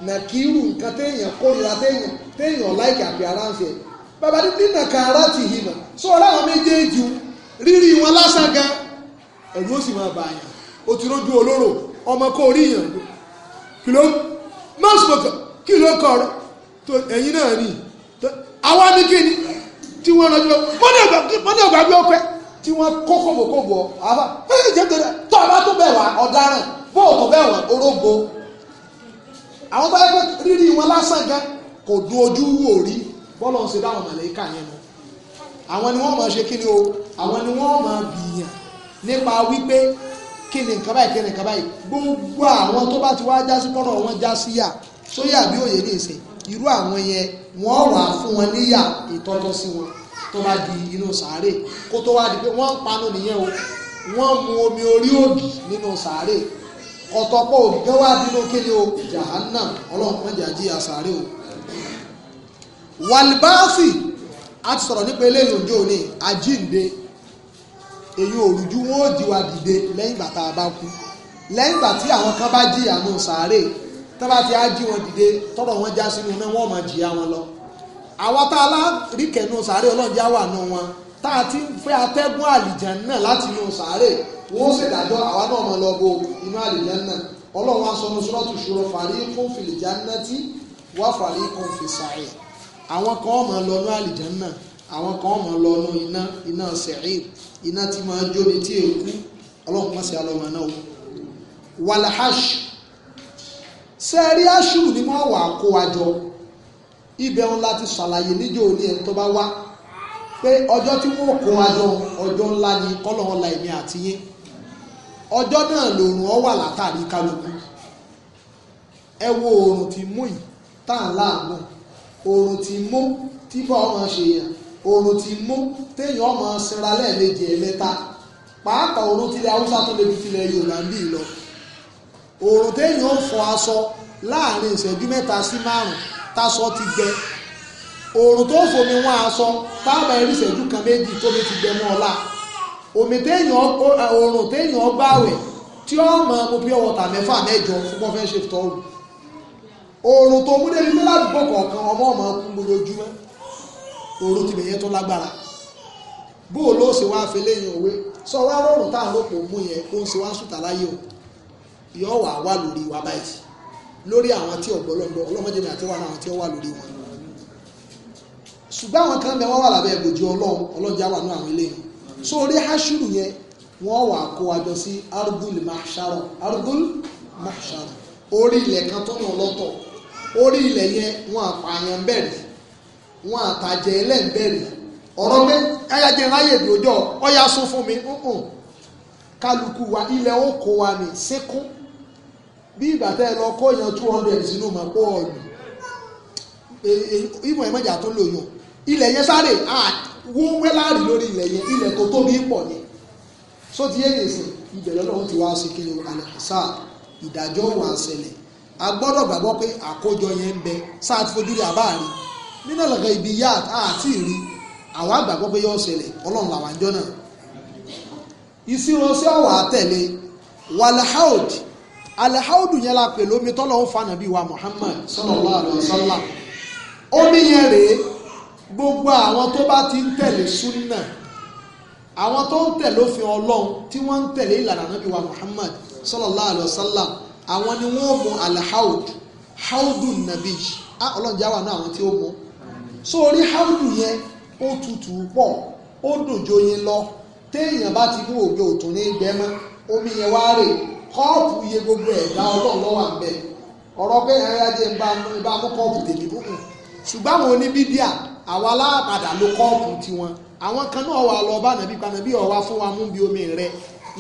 Speaker 1: nàkírù nǹkan téèyàn kórìíra téèyàn téèyàn láìkì àbí aráńfẹ́ bàbá ní nínà kàrà tì hì mà sọ ọlọ́run méjèèjì rírí wọn lásán gan ẹ̀rú ó sì máa bà yàn ó ti rójú olóró ọmọ kò rí yàn kí ló mọ́sùmọ́kọ̀ kí ló kọ̀ ẹ̀yìn náà ni àwa ní kí ni tí wọ́n rọjò mọ́nà ìgbàgbé ọpẹ́ tí wọ́n kó kòbòkòbò àbá ẹ̀yìn jẹ́ tẹ̀lé tó àbá tó bẹ̀ wá ọ̀daràn bó ọ̀tọ̀ bẹ̀ orógbó àwọn bá yẹ kó rírì wọn lásán gan kò dùn ojú wò rí bọ́lọ̀ ń ṣe dáhùn màlẹ́kà yẹn nu àwọn ni wọ́n máa ṣe kíni o àwọn ni wọ́n máa bìyàn nípa wípé kíni nǹkan báyìí kíni nǹkan báyìí gbogbo àwọn tó bá ti wá já sí bọ́lọ̀ wọn já sí yà sóyè àbí òye ní ìsìn irú àwọn yẹn wọ́n wà fún wọn níyà ìtọ́tọ́ sí wọn tó bá di inú sàárè kó tó wá di pé wọ́n ń panu nìyẹn o wọ́n mu omi orí ògì nínú sàárè ọ̀tọ̀pọ̀ ògì kan wá dínú kíni o jahannam ọlọ́run mọ́jà jí àsàárè o wàlìbáàsì a ti sọ̀rọ̀ nípa eléyìí òjò ní àjíǹde èyí òrùjú wọn ò jíwa dìde lẹ́yìn ìgbà tá a bá kú lẹ́yìn ìgbà tí àwọn kan bá jìyà nù sàárè tó bá ti á jí wọn dìde tọrọ wọn já sínú iná wọn ò máa jìyà wọn lọ àwọn tá a lá rí kẹnu sàárè ọlọ́jà wà nù wọn tá a ti fẹ́ atẹ́gùn àlìjàn náà láti inú sàárè wọ́n ṣèdájọ́ àwa náà mọ̀ lọ́gbó inú àlìjàn náà ọlọ́run aṣọ ní sọ́rọ́tù ṣòro fàrí kún fìlìjà náà tí wọ́n fàrí kún fi sàárè àwọn kan ọmọ lọ́nú àlìjánná àwọn kan ọmọ lọ́nú iná iná sẹ̀rìn iná tí máa ń jóni tí èkú ọlọ́run mọ̀ sí alọ́mọ náà o wàlàhàṣ sẹ́ẹ̀rí àṣù ni wọ́n wà kó wa jọ ibẹ̀ ń láti ṣàlàyé níjọ́ òní ẹ̀ tó bá wá pé ọjọ́ tí wọ́n kó wa ọjọ́ ńlá ni kọ́lọ́hún la èmi àti yín ọjọ́ náà lòrùn ọ wà látàrí kálukú ẹ wo oòrùn ti mú yìí tá à ń láàgùn oòrùn ti mú tí bá ọmọ ṣe yàn oòrùn ti mú téèyàn ọmọ sinra lẹ́ẹ̀mejì ẹ̀mẹ́ta pàápàá oòrùn tilẹ̀ haúsá tó lè fi tilẹ̀ yorùbá ń bì lọ oòrùn téèyàn ó fọ aṣọ láàrin ìṣẹ́jú mẹ́ta sí márùn táṣọ ti gbẹ oòrùn tó fomi wọn aṣọ táàbà ẹrí ìṣẹ́jú kan méjì tómi ti gbẹ mọ́ ọ̀la omi téèyàn oòrùn téèyàn gbààwẹ̀ tí ó mọ mo pure water mẹ́fà mẹ́jọ fún mọ́ fẹ́ ṣe tọ́wọ́ oòrùn tó múlẹ̀ ní ládùúgbò kọ̀ọ̀kan ọmọ ọmọ kú lójoojúmọ́ oòrùn ti bẹ̀yẹn tó lágbára bó o ló ṣe wá fi léyìn òwe sọ wá rọrùn tá à ń lòpọ̀ mú yẹn o yọ wà wà lórí wa báyìí lórí àwọn tí ọ̀gbọ́n lọ́dọ̀ ọlọ́mọdé mi àti wà náà tí wà lórí wọn ṣùgbọ́n àwọn kan bẹ wọ́n wà lábẹ́ ìbòjú ọlọ́run ọlọ́jà wà àwọn orí ilẹ̀ yẹn wọn àpààyàn bẹ̀rẹ̀ wọn àtàjẹ́ ẹlẹ́ bẹ̀rẹ̀ ọ̀rọ̀ pé ayájẹ́ ráyè dòjọ́ ọ̀yà sún fún mi kálukú wa ilẹ̀ oko wa ní sékún bí ìgbà tẹ́ ẹ lọ kó yan two hundred sínú mọ̀ pọ̀ ìmọ̀ tó lò yàn ilẹ̀ yẹn sáré ni ti ibẹ̀ ti wá sí kí a gbọ́dọ̀ gbàgbọ́ pé àkójọ yẹn ń bẹ sáà ti fojú rí àbá rí nínú ọ̀lọ́gà ibi yá àti rí àwa gbàgbọ́ pé yóò ṣẹlẹ̀ ọlọ́run làwọn àjọ náà ìṣirò sí ọ̀wà àtẹ̀lé wàlàhàùd àlàhàùd yẹn la pè lómi tọ́lọ̀ ń fa nàbí wa Muhammad sallallahu alaihi wasallam omi yẹn rèé gbogbo àwọn tó bá ti ń tẹ̀lé súnà àwọn tó ń tẹ̀lé òfin ọlọ́run tí wọ́n ń tẹ̀lé ìlànà nàbí wa Muhammad sallallahu alaihi wasallam àwọn ni wọ́n mọ alhaud haudun nabi ah ọlọ́run jáwà náà àwọn tí ó mọ so orí haudu yẹn ó tutù pọ̀ ó dùn joyin lọ téèyàn bá ti mú ògbé òtún ní gbẹ omi yẹn wá rè kọ́ọ̀pù iye gbogbo ẹ̀dá ọlọ́run lọ́wọ́ àbẹ̀ ọ̀rọ̀ pé ẹ̀rọ ajé ń bá mú kọ́ọ̀pù tèmi kúkú ṣùgbọ́n àwọn oníbídíà àwa aláàbàdà ló kọ́ọ̀pù tiwọn àwọn kan náà wà lọ bá nàbí pa nàbí fún wa mú bí omi rẹ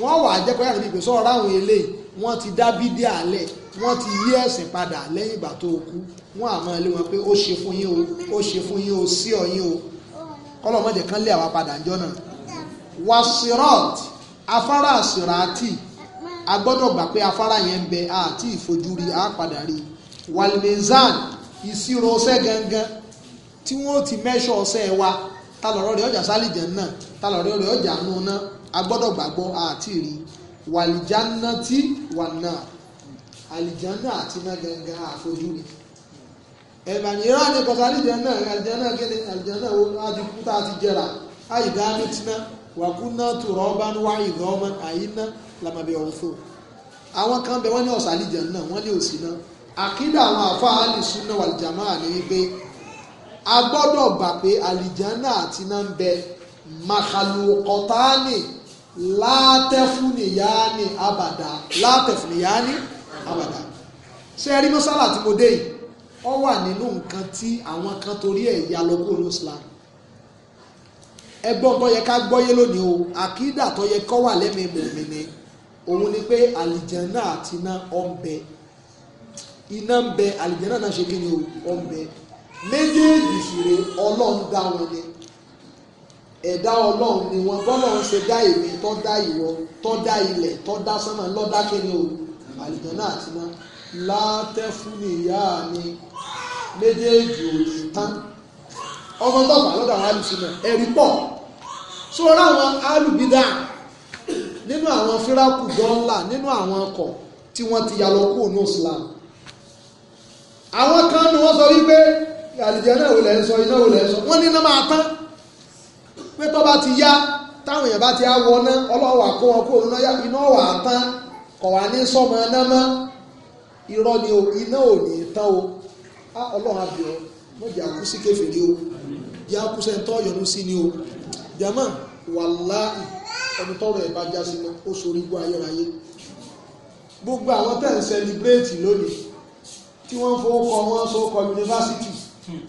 Speaker 1: wọ́n wà á jẹ́ pé àrùn ìgbésọ̀ ọ̀rọ̀ àwọn eléyìí wọ́n ti dá bídé àlẹ̀ wọ́n ti yí ẹ̀sìn padà lẹ́yìn ìgbà tó kú wọ́n àmọ́ ilé wọn pé ó ṣe fún yín o ó ṣe fún yín o sí ọ̀yín o kọ́lọ́mọ́jẹ̀ kan lé àwa padà ńjọ́ náà wasirot afárá sirati a gbọ́dọ̀ gbà pé afárá yẹn ń bẹ àti ìfojúrí a padà rí walmezan ìṣirò ọṣẹ gangan tí wọn ò ti mẹṣọ ọṣẹ wa ta lọ̀rọ̀ rẹ̀ ọjà sálìjẹ náà ta lọ̀rọ̀ rẹ̀ ọjà nù náà a gbọ́dọ̀ gbàgbọ́ àti rí wàlìjánná tí wà náà àlìjánná àti iná gangan àfojúrí ẹ̀bàní irọ́ ni kọ̀tà àlìjánná àlìjánná kéde àlìjánná wo láti kú tá a ti jẹrà àyíká ní tiná wàkúná tòrọ ọba ń wá ìlú ọmọ àyíná làmàbí ọ̀rọ̀fọ̀ àwọn kan bẹ wọ́n ní ọ̀sà àlìjánná wọ́n ní òsì náà àkídà àwọn àfa àlìsúná wàlìjánná ni wípé a gbọ́dọ̀ gbà pé àlìjánná àti iná ń bẹ màkàlùkọ̀tánì látẹ́fúnìyáni abàdá látẹ́fúnìyáni abàdá ṣé ẹ rí mọ́sálà tí mo dé yìí ó wà nínú nǹkan tí àwọn kan torí ẹ̀ ya lọ kúrò islam ẹgbọ́n tó yẹ ká gbọ́yé lónìí o àkídà tó yẹ kó wà lẹ́mìí mùmìnì òun ni pé àlìjànnà àti iná ọ̀ ń bẹ iná ń bẹ àlìjànnà náà ṣe kí ni ọ̀ ń bẹ méjèèjì sì rè ọlọ́run dá wọn ni ẹ̀dá ọlọ́run ni wọn bọ́lọ́run ṣe dá èmi tó dá ìwọ tó dá ilẹ̀ tó dá sánmà lọ́dá kíni o àlìjọ náà ti ná látẹ́fúnni ìyá mi méjèèjì ò ní tán ọmọ tọ́gbà lọ́dọ̀ àwọn alùsùnà ẹ̀rí pọ̀ sọ́ra àwọn alùbídà nínú àwọn fíráàkù dọ́là nínú àwọn ọkọ̀ tí wọ́n ti yàlọ́ kúrò ní Islam àwọn kan ni wọ́n sọ wípé àlìjẹ náà ò lẹ́ ń sọ iná ò lẹ́ ń sọ wọ́n ní iná máa tán pé tó bá ti yá táwọn èèyàn bá ti á wọná ọlọ́wà kó wọn kó iná yá iná wà á tán kọ̀ wá ní sọ́mọ iná mọ́ irọ́ ni o iná ò ní tán o á ọlọ́run àbí ọ mọ̀ jẹ́ àkú sí kèfèrí o jẹ́ àkú sẹ́ńtọ́ ọ̀yọ́nú sí ni o jẹ́mọ̀ wàláì ẹni tọ́rọ̀ ẹ̀ bá já sí lọ ó sorí gbọ́ ayérayé gbogbo àwọn tẹ̀ ń sẹlibrétì lónìí tí wọ́n fowó kọ wọ́n so yunifásitì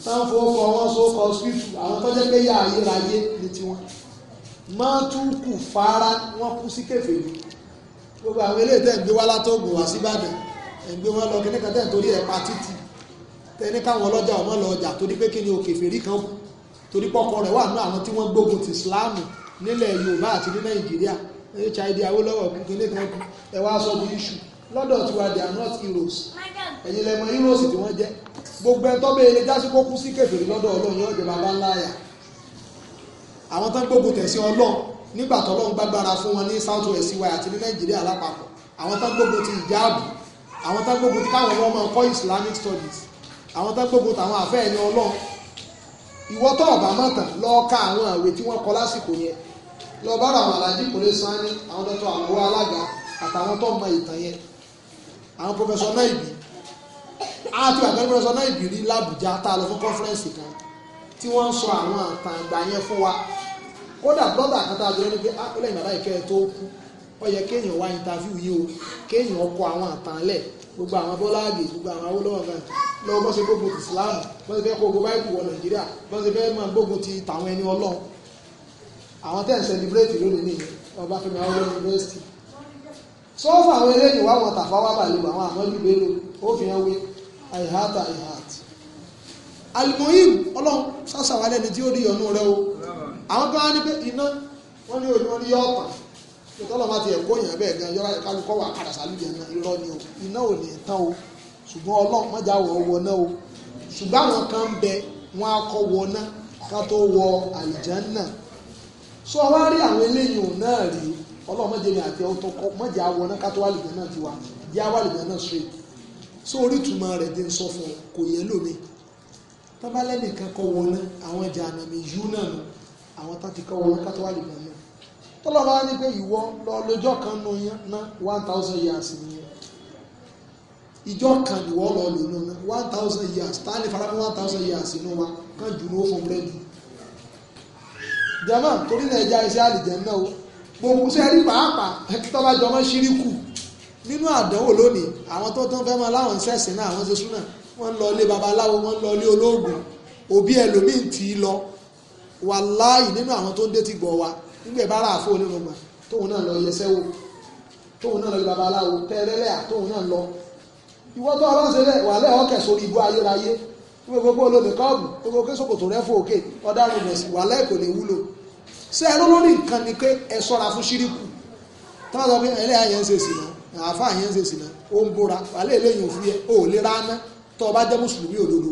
Speaker 1: táwọn fowópọ̀ wọn sókọ síkìtù àwọn tó jẹ́ pé yà ayérayé ní tiwọn máa tún kù fara wọn kú sí kèfèrí gbogbo àwọn eléyìí tẹ̀ ń gbé wá látọ̀gùn wá síbàdàn ẹ̀ ń gbé wọn lọ kí nìkan tẹ̀ ń torí ẹ̀ pa títì tẹni káwọn ọlọ́jà ọmọ lọ ọjà torí pé kí ni òkè fèrí kan torí pọ́kọ rẹ̀ wà ní àwọn tí wọ́n gbógun ti Ìsìláàmù nílẹ̀ Yorùbá àti ní Nàìjíríà hiv Awólọ́wọ̀ kékeré kan ẹ wá sọ di iṣu lọ́dọ̀ tiwa they are not heroes ẹ̀yin lẹ́mọ heroes tí wọ́n jẹ́ gbogbo ẹ̀ tọ́bẹ̀ ilé jásíkó kú sí kèfèrí lọ́dọ̀ ọlọ́run yóò jẹ bàbá ńlá àyà àwọn tó ń gbógun tẹ̀sí ọlọ́run nígbà tọ́lọ́run gbàgbára fún wọn ní south west wa àti ní nàìjíríà lápapọ̀ àwọn tó ń gbógun ti ìjáàbù àwọn tó ń gbógun ti káwọn ọmọ ọmọ kọ́ islamic studies àwọn tó ń gbógun tàwọn àfẹ́ ẹ̀yìn ọlọ́run ìwọ tó ọ̀bà mọ̀tàn lọ ka àwọn àwé tí wọ́n kọ lásìkò yẹn lọ bá àwọn alájí kò lè sanni àwọn tó àwọn owó alága àtàwọn tó mọ ìtàn yẹn àwọn pọfẹsọ náà ìbí àti àgbẹ̀ pọfẹsọ náà ìbí rí làbújá tá a lọ fún kọ́fẹ́rẹ́nsì kan tí wọ́n ń sọ àwọn àtàn àgbà yẹn fún wa kódà bọ́dà kan tá a jọ ní pé á ah, lẹ́yìn bàbá ìkẹ́ tó kú ó yẹ kéèyàn wá interview yìí o kéèyàn ọkọ àwọn àtàn lẹ̀ gbogbo àwọn bọ́láàgì gbogbo àwọn awólọ́wọ̀ gan lọ́wọ́ bọ́ ṣe gbógun ti Islam bọ́ ṣe fẹ́ kó gbogbo báyìí wọ Nàìjíríà bọ́ ṣe fẹ́ máa gbógun ti tàwọn ẹni Ọlọ́run àwọn tẹ́ ń celebrate lónìí ní Ọbáfẹ́mi Awólọ́wọ̀ University sọ́fà àwọn eléyìí wà wọn tàfà wà bàlẹ̀ àwọn àmọ́jú bẹ́ẹ̀rù ó fi hàn wí i heart i heart alimoyim ọlọ́run sásàwálẹ̀ ni tí ó rí ọ̀nù rẹ o àwọn kan á ní pé iná wọ́n ní ojú wọn ní yọ̀ọ̀tàn ìtọ́lọ̀ máa ti ẹ̀kọ́ yẹn bẹ́ẹ̀ gan yọ̀rọ̀ kálukọ́ wà padà sálúdì ẹ̀nà irọ́ ni o iná ò ní tán o ṣùgbọ́n ọlọ́run mọ́jà wọ̀ wọ náà o ṣùgbọ́n àwọn kan ń bẹ wọn á kọ́ wọ náà ká tó wọ àlìjánná sọ wá rí àwọn eléyìí náà rí ọlọ́run mọ̀jẹ̀ mi àti ọ̀tọ̀ kọ́ mọ̀jẹ̀ awọ náà kátó wàlìjẹ́ náà ti wà jẹ́ awàlìjẹ́ náà straight so orí ìtumọ̀ rẹ̀ dé ń sọ fún ọ kò yẹ lómi tábàlẹ́ nìkan kọ́ wọlé àwọn ìjà ànàmì yú náà nù àwọn tá kọ́ wọlé kátó wàlìjẹ́ náà tọ́lọ́ bá ní pé ìwọ lọ lójọ́ kan nù yẹn ná one thousand years nìyẹn ìjọ kan ìwọ lọ lò nù one thousand years tá a lè fara mọ́ one thousand years nù wa kán jù ní ó fún búrẹ́dì jama torí nàìjíríà iṣẹ́ gbogbo sẹ́ẹ̀rí pàápàá tọ́lá jọmọ́ ṣíríkù nínú àdánwò lónìí àwọn tó tán fẹ́ láwọn sẹ́sìn náà àwọn ṣe wọ́n ń lọ ilé babaláwo wọ́n ń lọ ilé olóògùn òbí ẹlòmíín lọ wàláì nínú àwọn tó ń dé ti gbọ̀ wa nígbà ìbára àfọ náà lọ yẹsẹ́ wò náà lọ babaláwo tẹ́lẹ́lẹ́ náà lọ tó ṣé ẹ lórí nǹkan ni pé ẹ sọ́ra fún ṣíríkù tí wọ́n sọ pé ẹlẹ́ àyẹ̀ ń ṣe sí náà àáfà àyẹ̀ ń ṣe sí náà ó ń bóra wàlẹ́ eléyìí òfin yẹ ó lè ránà tó o bá jẹ́ mùsùlùmí òdodo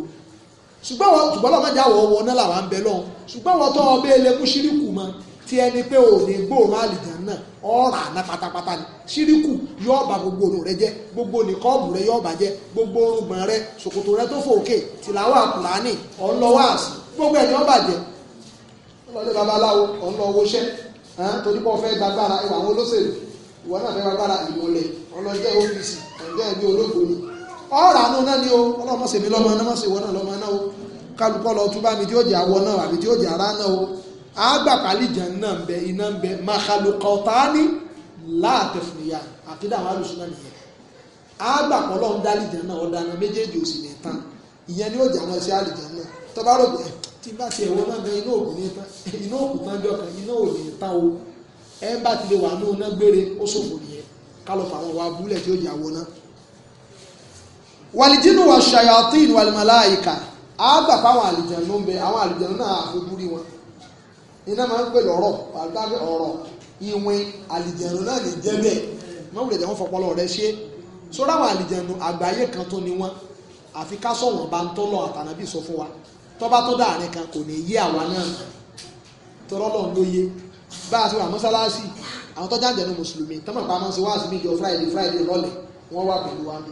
Speaker 1: ṣùgbọ́n wọn tùbọ́ lọ́mọ ìjà wọ̀ wọ náà làwọn bẹ lọ́hùn ṣùgbọ́n wọn tọ́ ọbẹ̀ eléku ṣíríkù mọ ti ẹni pé ò ní gbòòrò àlìjàn náà ọ̀rà àná pátápátá ni ṣíríkù yóò bà gbogbo òrùn rẹ jẹ́ gbogbo nìkọ́ọ̀bù rẹ yóò bàjẹ́ gbogbo orúgbọ̀n rẹ ṣòkòtò rẹ tó fòkè tìlàwọ̀ àkùránì ọ̀nlọ́wọ́ àṣì gbogbo ẹ̀ ni ó bàjẹ́ lọ́lé babaláwo ọ̀n lọ wọṣẹ́ torí pé ọ̀fẹ́ gbàgbára ìwà àwọn olóṣèlú ìwà náà fẹ́ gbàgbára ìmọ̀lẹ̀ ọlọ́jẹ́ ọ́fíìsì ọ̀jẹ́ ẹ̀bí olóògbé ni ọ̀rọ̀ àánú náà ni o ọlọ́mọ̀sẹ̀ mi lọ́mọ náà mọ̀sẹ̀ wọn náà lọ́mọ náà o kálukọ́ lọ túbá mi tí ó jẹ́ awọ náà àbí tí ó jẹ́ ara náà o àgbàpálíjà náà ń bẹ iná ń bẹ màkàlùkọ̀tání láàtẹ̀fùnìyà àkídà àwọn alùsùnà nìyẹn àgbàpọ̀ lọ́n dálíjà náà ọ̀dà náà méjèèjì òsì nìkan ìyẹn ni ó jẹ́ àwọn ẹsẹ̀ àlìjà tí bá ti ẹ̀wọ́ náà gan iná òkú ní tán iná òkú tán jọ kan iná ò ní tán o ẹ bá ti lè wà ní ọ̀nà gbére ó ṣòfò nìyẹn kálọ̀ fàwọn wa búlẹ̀ tí ó yà wọ náà. wàlìjínú wa ṣayatin wàlìmàláìkà àgbà fáwọn àlìjàn ló ń bẹ àwọn àlìjàn náà àfojúrí wọn iná máa ń pè lọ́rọ̀ àgbàgbé ọ̀rọ̀ ìwìn àlìjàn náà lè jẹ́ bẹ́ẹ̀ mọ́wùlẹ̀ jẹ́ wọ́n fọpọlọ rẹ ṣe sọ́dọ̀ àwọn àlìjàn àgbáyé kan tó ni wọ́n àfi ká sọ̀wọ́n bá ń tọ́lọ̀ àtànàbí sọ fún wa tọ́ba tó dáàrin kan kò ní yé àwa náà tọ́rọ́ lọ́n ló yé bá a ti wà mọ́sálásì àwọn tọ́jà jẹ̀nu mùsùlùmí tọ́mọ̀ pa máa ń ṣe wáàsí mi jọ friday friday lọ́lẹ̀ wọ́n wà pẹ̀lú wa mi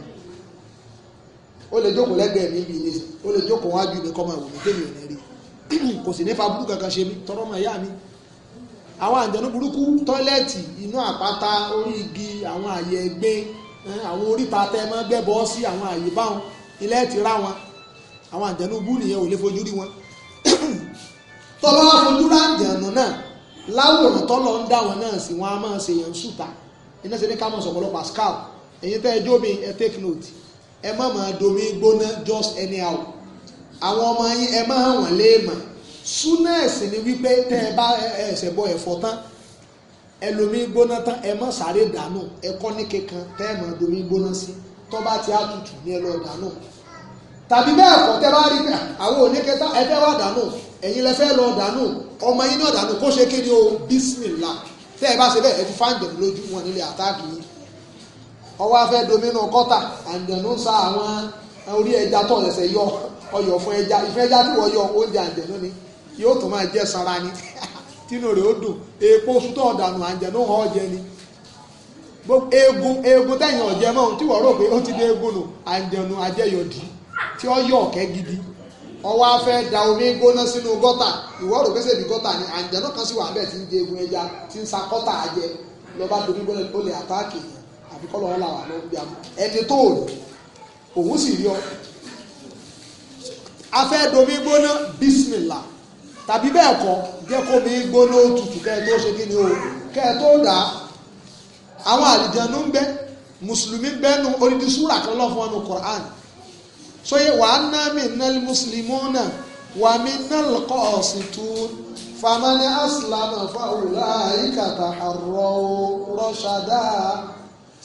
Speaker 2: ó lè jókòó lẹ́gbẹ̀ẹ́
Speaker 1: mi bí ilé ó lè jókòó wájú mi kọ́mọ ìwò mi tèmi ò ní rí kò sì ní fa burúkú kankan ṣe mí tọ́rọ́ mọ̀ ìyá mi àwọn àjẹ̀nu burúkú tọ́lẹ́ẹ̀tì inú àpáta orí igi àwọn àyè ẹgbẹ́ eh, àwọn oríta tẹ́ mọ́ gbẹ́bọ́ sí àwọn àyè báwọn ilẹ̀ ti rá wọn àwọn àjẹnú bú nìyẹn ò lè fojú rí wọn tọ́lọ́ wá fojú ráǹjẹ̀nù náà láwòrán tọ́lọ́ ń dá wọn náà sí wọn a máa ṣe yẹn sùtà iná ṣe ní ká mọ̀ sọ̀pọ̀lọ́ pascal ẹ̀yin tẹ́ ẹ jómi ẹ take note ẹ má máa domi gbóná just anyhow àwọn ọmọ yín ẹ má hàn wọ́n léèmọ̀ súnà ẹ̀sìn ni wípé tẹ́ ẹ bá ẹsẹ̀ bọ ẹ̀fọ́ tán ẹ lomi gbóná tán ẹ má sáré dànù ẹ kọ́ ní kankan tẹ́ ẹ má domi gbóná sí tọ́ bá ti á ní ẹ lọ dànù tàbí bẹ́ẹ̀ kọ́ tẹ́ bá rí bẹ́ẹ̀ ah, àwọn oníkẹta ẹgbẹ́ wà dànù ẹ̀yin lẹ́fẹ́ lọ dànù ọmọ yín náà dànù kó ṣe kéde o bísímìlà tẹ́ ẹ bá ṣe bẹ́ẹ̀ ẹ ti fáǹdẹ̀mù lójú wọn nílé àtáàkì yìí ọwọ́ afẹ́ domínú kọ́tà àǹdẹ̀nù sa àwọn orí ẹja tọ̀ lẹ́sẹ̀ yọ ọyọ̀ fún ẹja ìfẹ́ ẹja tí wọ́n yọ oúnjẹ àǹdẹ̀nù ni yóò tún máa jẹ́ sanra ni tínú rẹ̀ ó dùn èèpo sútọ̀ ọ̀dànù àǹdẹ̀nù hàn jẹ ni egun egun tẹ̀yìn ọ̀jẹ̀ mọ́ tí wọ́n rò pé ó ti dé egun nù àǹdẹ̀nù ajẹ́yọ̀dì tí ó yọ ọ̀kẹ́ gidi ọwọ́ afẹ́ da omi gbóná sínú gọ́tà ìwọ́ rò pèsè bí gọ́tà ni àǹjẹ̀nà kan sì wà bẹ́ẹ̀ tí ń jẹ egun ẹja tí ń sa kọ́tà ajẹ lọ́ba domi gbóná ó lè àtáàkì yẹn àfi kọ́ lọ́wọ́ làwà lọ́wọ́ bí amú ẹni tó rí òun sì rí ọ. domi gbóná bísímìlà tàbí bẹ́ẹ̀ kọ́ jẹ́ kó mi gbóná tutù kẹ́ ẹ tó ṣe kí o kẹ́ ẹ tó dà á àwọn àlìjẹ̀nù ń bẹ mùsùlùmí bẹ́ẹ̀ nu onídìí súrà kan lọ́ fún ọ sóyè wà á ná mi ná mùsùlùmí wà mí ná lọ́kọ́ ọ̀sìn tó famani asilama fáwùlà ìkàtà àrọ̀ rọ́ṣàdá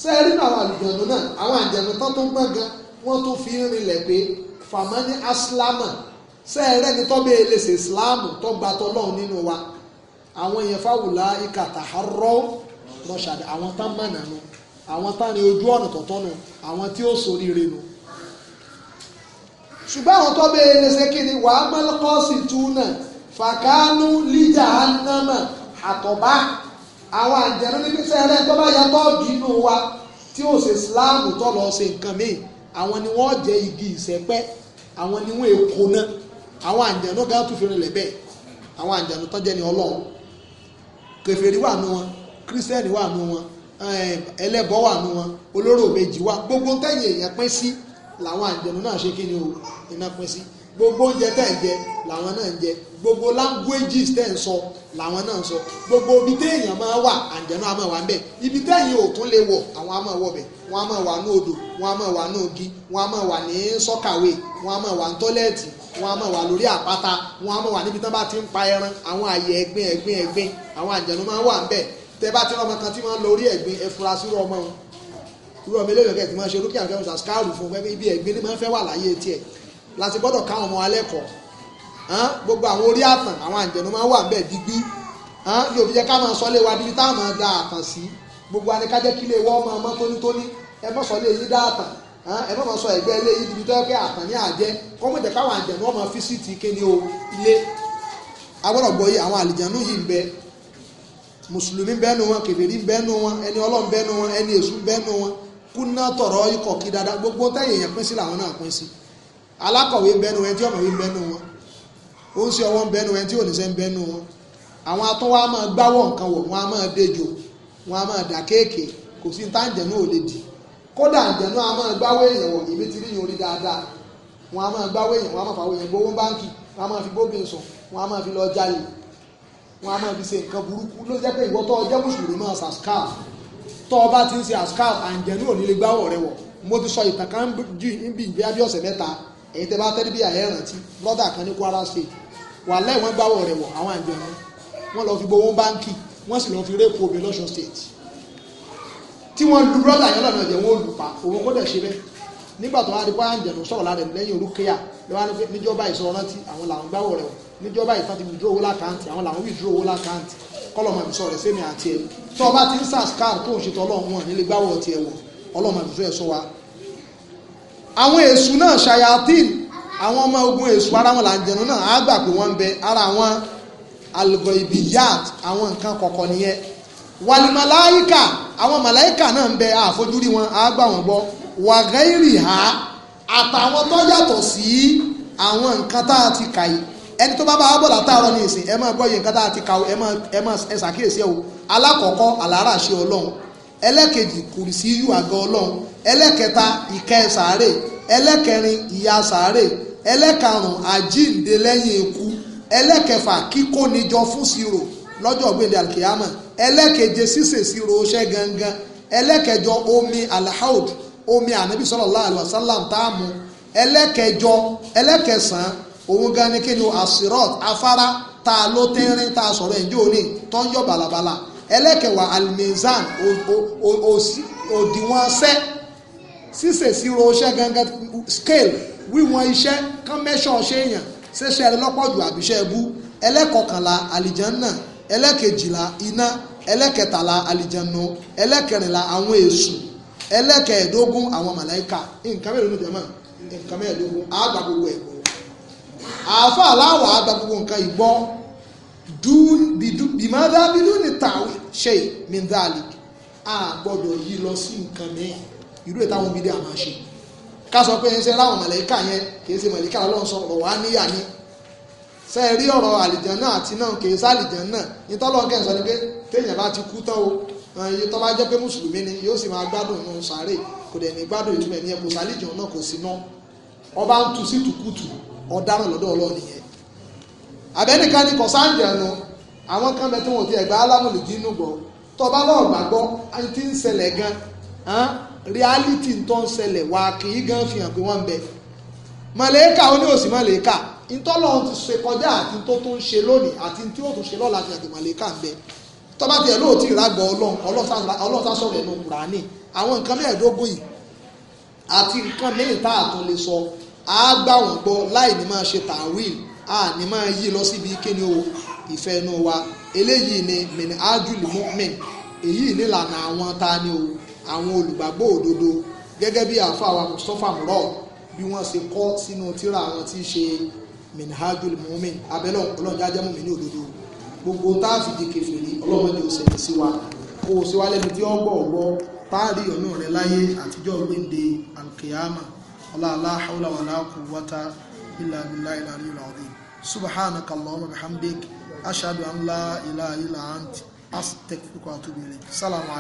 Speaker 1: sẹ́ẹ̀rí àwọn àlùjọ̀nù náà àwọn àjẹ̀nù tó tún gbọ́n gan wọ́n tún fi ń rinlẹ̀ pé famani asilama sẹ́ẹ̀rẹ́ ni tó bẹ́ẹ̀ lè ṣe islam tó gba tọ́lọ́run nínú wa àwọn yẹn fáwùlà ìkàtà àrọ̀ rọ́ṣàdá àwọn tán mọ̀nà nu àwọn tán ní ojú ọ̀nà tọ̀tọ̀ nu àwọn tí ó soríire nu ṣùgbọ́n àwọn tó bẹ́ẹ̀ lẹ́sẹ̀ kiri wàá mọ́lẹ́kọ́sì túnà fàkánú líjà ánámà àtọ̀bá àwọn àjẹ̀nú ní pípẹ́ ẹ̀rẹ́ tó bá yàtọ̀ bínú wa tí ó ṣe síláàmù tó lọ ṣe nǹkan míì àwọn ni wọ́n jẹ́ igi ìṣẹ́pẹ́ àwọn ni wọ́n èkó náà àwọn àjẹ̀nú gan tún fi rinlẹ̀ bẹ́ẹ̀ àwọn àjẹ̀nú tó jẹ́ ni ọlọ́run kèfèrí wà nù wọn kírísítẹ́nì wà nù wọn ẹlẹ́bọ wà nù wọn olóró làwọn àjẹnu náà ṣe kí ni o iná pín sí gbogbo oúnjẹ tẹ̀ ń jẹ làwọn náà ń jẹ gbogbo languages tẹ̀ ń sọ làwọn náà ń sọ gbogbo ibi téèyàn máa wà àjẹnu àmọ́ wà ń bẹ̀ ibi téèyàn ò tún lè wọ̀ àwọn àmọ́ wọ̀ bẹ̀ wọ́n àmọ́ wà ní odò wọ́n àmọ́ wà ní ògì wọ́n àmọ́ wà ní sọ́kàwé wọ́n àmọ́ wà ní tọ́lẹ́ẹ̀tì wọ́n àmọ́ wà lórí àpáta wọ́n àmọ́ wà níbi tán bá ti ń pa ẹran àwọn àyè ẹ̀gbin ẹ̀gbin ẹ̀gbin àwọn àjẹnu máa wà ń bẹ̀ tẹ bá ti rán ọmọ kan tí wọ́n lórí ẹ̀gbin ẹ̀furasí rọ wọn irú ọmọ eléyìí kẹ̀ tí máa ṣe rúkì àti ọmọ sàskáàrù fún fẹ́ ibi ẹ̀gbin ni máa ń fẹ́ wà láyé tiẹ̀ láti gbọ́dọ̀ káwọn ọmọ alẹ́ kọ̀ gbogbo àwọn orí àtàn àwọn àǹjẹ̀nu máa wà bẹ́ẹ̀ digbí yóò fi jẹ́ ká máa sọlé wa dibi táwọn máa da àtàn sí gbogbo anìká jẹ́ kílé wọ́ máa mọ́ tónítóní ẹ mọ́ sọlé yìí dá àtàn ẹ mọ́ máa sọ ẹ̀gbẹ́ ilé yìí dibi tó yẹ kí àtàn ní àjẹ kọ́mọ̀ jẹ́ káwọn àǹjẹ̀nu wọn kèfèrí bẹ́ẹ̀ wọn ẹni ọlọ́run bẹ́ẹ̀ wọn ẹni èṣù bẹ́ẹ̀ wọn kuna tọrọ ikọ̀ kí dáadáa gbogbo tẹ́yìn yẹn pín sí làwọn náà pín sí alákọ̀wé ń bẹnu ẹni tí ọ̀mọ̀wé ń bẹnu wọn ó ń ṣe ọwọ́ ń bẹnu ẹni tí òníṣẹ́ ń bẹnu wọn àwọn atọ́wọ́ á máa gbáwọ̀ nǹkan wọ̀ a ma máa dejò a ma máa dà kéèké kò sí ò lè dì kódà máa gbáwọ̀ èèyàn wọ̀ èmi ti rí yín orí dáadáa máa gbáwọ̀ èèyàn máa tọ́ ọ bá ti ń ṣe àṣkáà àǹjẹ̀nú ò ní lè gbáwọ̀ rẹ wọ̀ mo ti sọ ìtàn kan jù níbi ìgbé abí ọ̀sẹ̀ mẹ́ta èyí tẹ́ bá tẹ́lẹ̀ bí àyẹ̀ rántí brọ́dà kan ní Kwara State wà lẹ́wọ̀n gbáwọ̀ rẹ wọ̀ àwọn àǹjẹ̀nú wọ́n lọ fi gbowó báńkì wọ́n sì lọ fi rẹ́pù omi lọ́sùn state tí wọ́n lu brọ́dà yẹn lọ́nà ẹ̀jẹ̀ wọn ò lù pa òun kó dẹ̀ ṣe bẹ́ẹ̀ nígbà tó wá di pa àǹjẹ̀nú sọ̀rọ̀ lára lẹ́yìn olúkẹ́yà níjọba ìsọ̀rọ̀ rántí àwọn làwọn gbáwọ̀ rẹ̀ níjọba ìfàtí withdraw owó lákàntì àwọn làwọn withdraw owó kọ́lọ́mọ mi sọ rẹ̀ sẹ́mi àti ẹ̀ tó ọba ti ń sàṣkár tó ń ṣe tọ́lọ́run wọn nílé gbáwọ̀ tiẹ̀ wọ̀ ọlọ́mọ mi sọ ẹ̀ sọ wa. àwọn èṣù náà ṣayatin àwọn ọmọ ogun èṣù ara wọn làǹjẹ̀nu náà á gbà pé wọ́n ń bẹ ara àwọn alùpùpù ibiyat àwọn nǹkan kọ̀ọ̀kan nìyẹn wàlìmàláyíkà àwọn màláyíkà náà ń bẹ àfojúrí wọn á gbà wọn gbọ́ wàgẹ́rì ha àtàwọn tó yàtọ̀ sí àwọn nǹkan tá a ti kà yìí ẹni tó bá bá bọ̀ látàárọ̀ ní ìsìn ẹ máa gbọ́ yìí nǹkan tá a ti kà ó ẹ máa ẹ máa ẹ ṣàkíyèsí ẹ o alákọ̀ọ́kọ́ àlàárà ṣe ọlọ́run ẹlẹ́kejì kùrìsí yù àgọ́ ọlọ́run ẹlẹ́kẹta ìkẹ́ sàárè ẹlẹ́kẹrin ìyà sàárè ẹlẹ́karùn-ún àjíǹde lẹ́yìn ikú ẹlẹ́kẹfà kíkónijọ fún sírò lọ́jọ́ gbèdé alkiyama ẹlẹ́keje ṣíṣe sírò ṣẹ́ gangan ẹlẹ́kẹjọ omi alhaud omi anabi sallallahu alaihi wasallam tá a mu ẹlẹ́kẹjọ ẹlẹ́kẹsàn-án òun gan ni kí ni asirot afárá tá ló tẹ́rín tá sọrọ sọ̀rọ̀ ẹ̀jẹ̀ òní tó ń yọ bàlàbàlà ẹlẹ́kẹ̀wá alimizan òdiwọ̀n ṣẹ́ sísèsirò iṣẹ́ gangan scale wíwọ̀n iṣẹ́ kán mẹ́ṣọ̀ ṣe èèyàn ṣẹṣẹ́ rẹ lọ́pọ̀ jù àbíṣẹ́ ẹbú ẹlẹ́kọ̀kànlá àlìjánná ẹlẹ́kẹ̀jìlá iná ẹlẹ́kẹtàlá àlìjánu ẹlẹ́kẹrìnlá àwọn èṣù ẹlẹ́kẹẹ̀dógún àwọn màláìka nǹkan ló nǹkan àgbà gbogbo àáfà aláwọ̀ àgbà gbogbo nǹkan ìgbọ́ bìmọ́dá bídú ní tàwí ṣe mindali a gbọ́dọ̀ yí lọ sí nǹkan mìíràn irú ẹ̀ táwọn bídí àmà ṣe ká sọ pé ẹsẹ̀ láwọn mọ̀lẹ́kà yẹn kìí ṣe mọ̀lẹ́kà lọ́wọ́ sọ ọ̀rọ̀ wá níyà ni ṣe é rí ọ̀rọ̀ àlìjàn náà àti náà kìí ṣe àlìjàn náà ní tọ́lọ́ kẹ́hìn sọ ni pé téèyàn bá ti kú tán o ẹ̀yin tó bá jẹ́ pé mùsùlùmí ni yóò sì máa gbádùn inú sàárè kò dẹ̀ ní gbádùn ìtumẹ̀ ní ẹ̀kọ́ sàlìjàn náà kò sí náà ọba ń tu sí tùkùtù ọ̀daràn lọ́dọ̀ ọlọ́ọ̀ni yẹn àbẹ́nìkan ni kọ̀sáǹjẹ̀nu àwọn kan bẹ tí wọn ò ti ẹ̀gbá alámùlì jínú gbọ́ tọba náà gbàgbọ́ ẹni tí ń ṣẹlẹ̀ gan reality tó ń ṣẹlẹ̀ wà kì í gan fi hàn pé wọ́n ń bẹ mọ̀lẹ́kà ó ní òsì mọ̀lẹ́kà ntọ́lọ́ ti ṣe kọjá àti tó tó ń ṣe lónìí àti tí ó tún ṣe lọ́la fi hàn pé mọ̀lẹ́kà ń bẹ
Speaker 2: tọ́ba tiẹ̀ lóòótì
Speaker 1: ìrágbọ́ ọlọ́run ọlọ́sà sọ̀rọ̀ ẹnu kùránì àwọn nǹkan mẹ́ẹ̀ẹ́dógún yìí àti nǹkan mẹ́ẹ̀ẹ́ta àtúnlẹ̀ sọ á gbà wọ́n gbọ́ láì ní máa ṣe tàwíìl á ní máa yí lọ síbi kíni o ìfẹ́ inú wa eléyìí ni mini ajuli mu'min èyí nílànà àwọn ta ni o àwọn olùgbàgbọ́ òdodo gẹ́gẹ́ bí àáfà wa Mustapha Murad bí wọ́n ṣe kọ́ sínú tíra àwọn tí í ṣe minhajul mu'min abẹ́lẹ̀ ọlọ́run ajá mọ̀mí ní òdodo gbogbo tá a fi di kèfèrí ọlọ́run ni ó ṣẹlẹ̀ sí wa kó o ṣe wá lẹ́nu tí ó gbọ̀ ọ̀gbọ́ tá a rí ọ̀nà rẹ̀ láyé àtijọ́ gbéǹde alkiyama ọláàlá haúlá wà láàkú wata ilà abilá ilà rí ìlà ọdún subhanaka allahumma bihamdik ashhadu an la ilaha illa ant astaghfiruka wa atubu ilayk salamu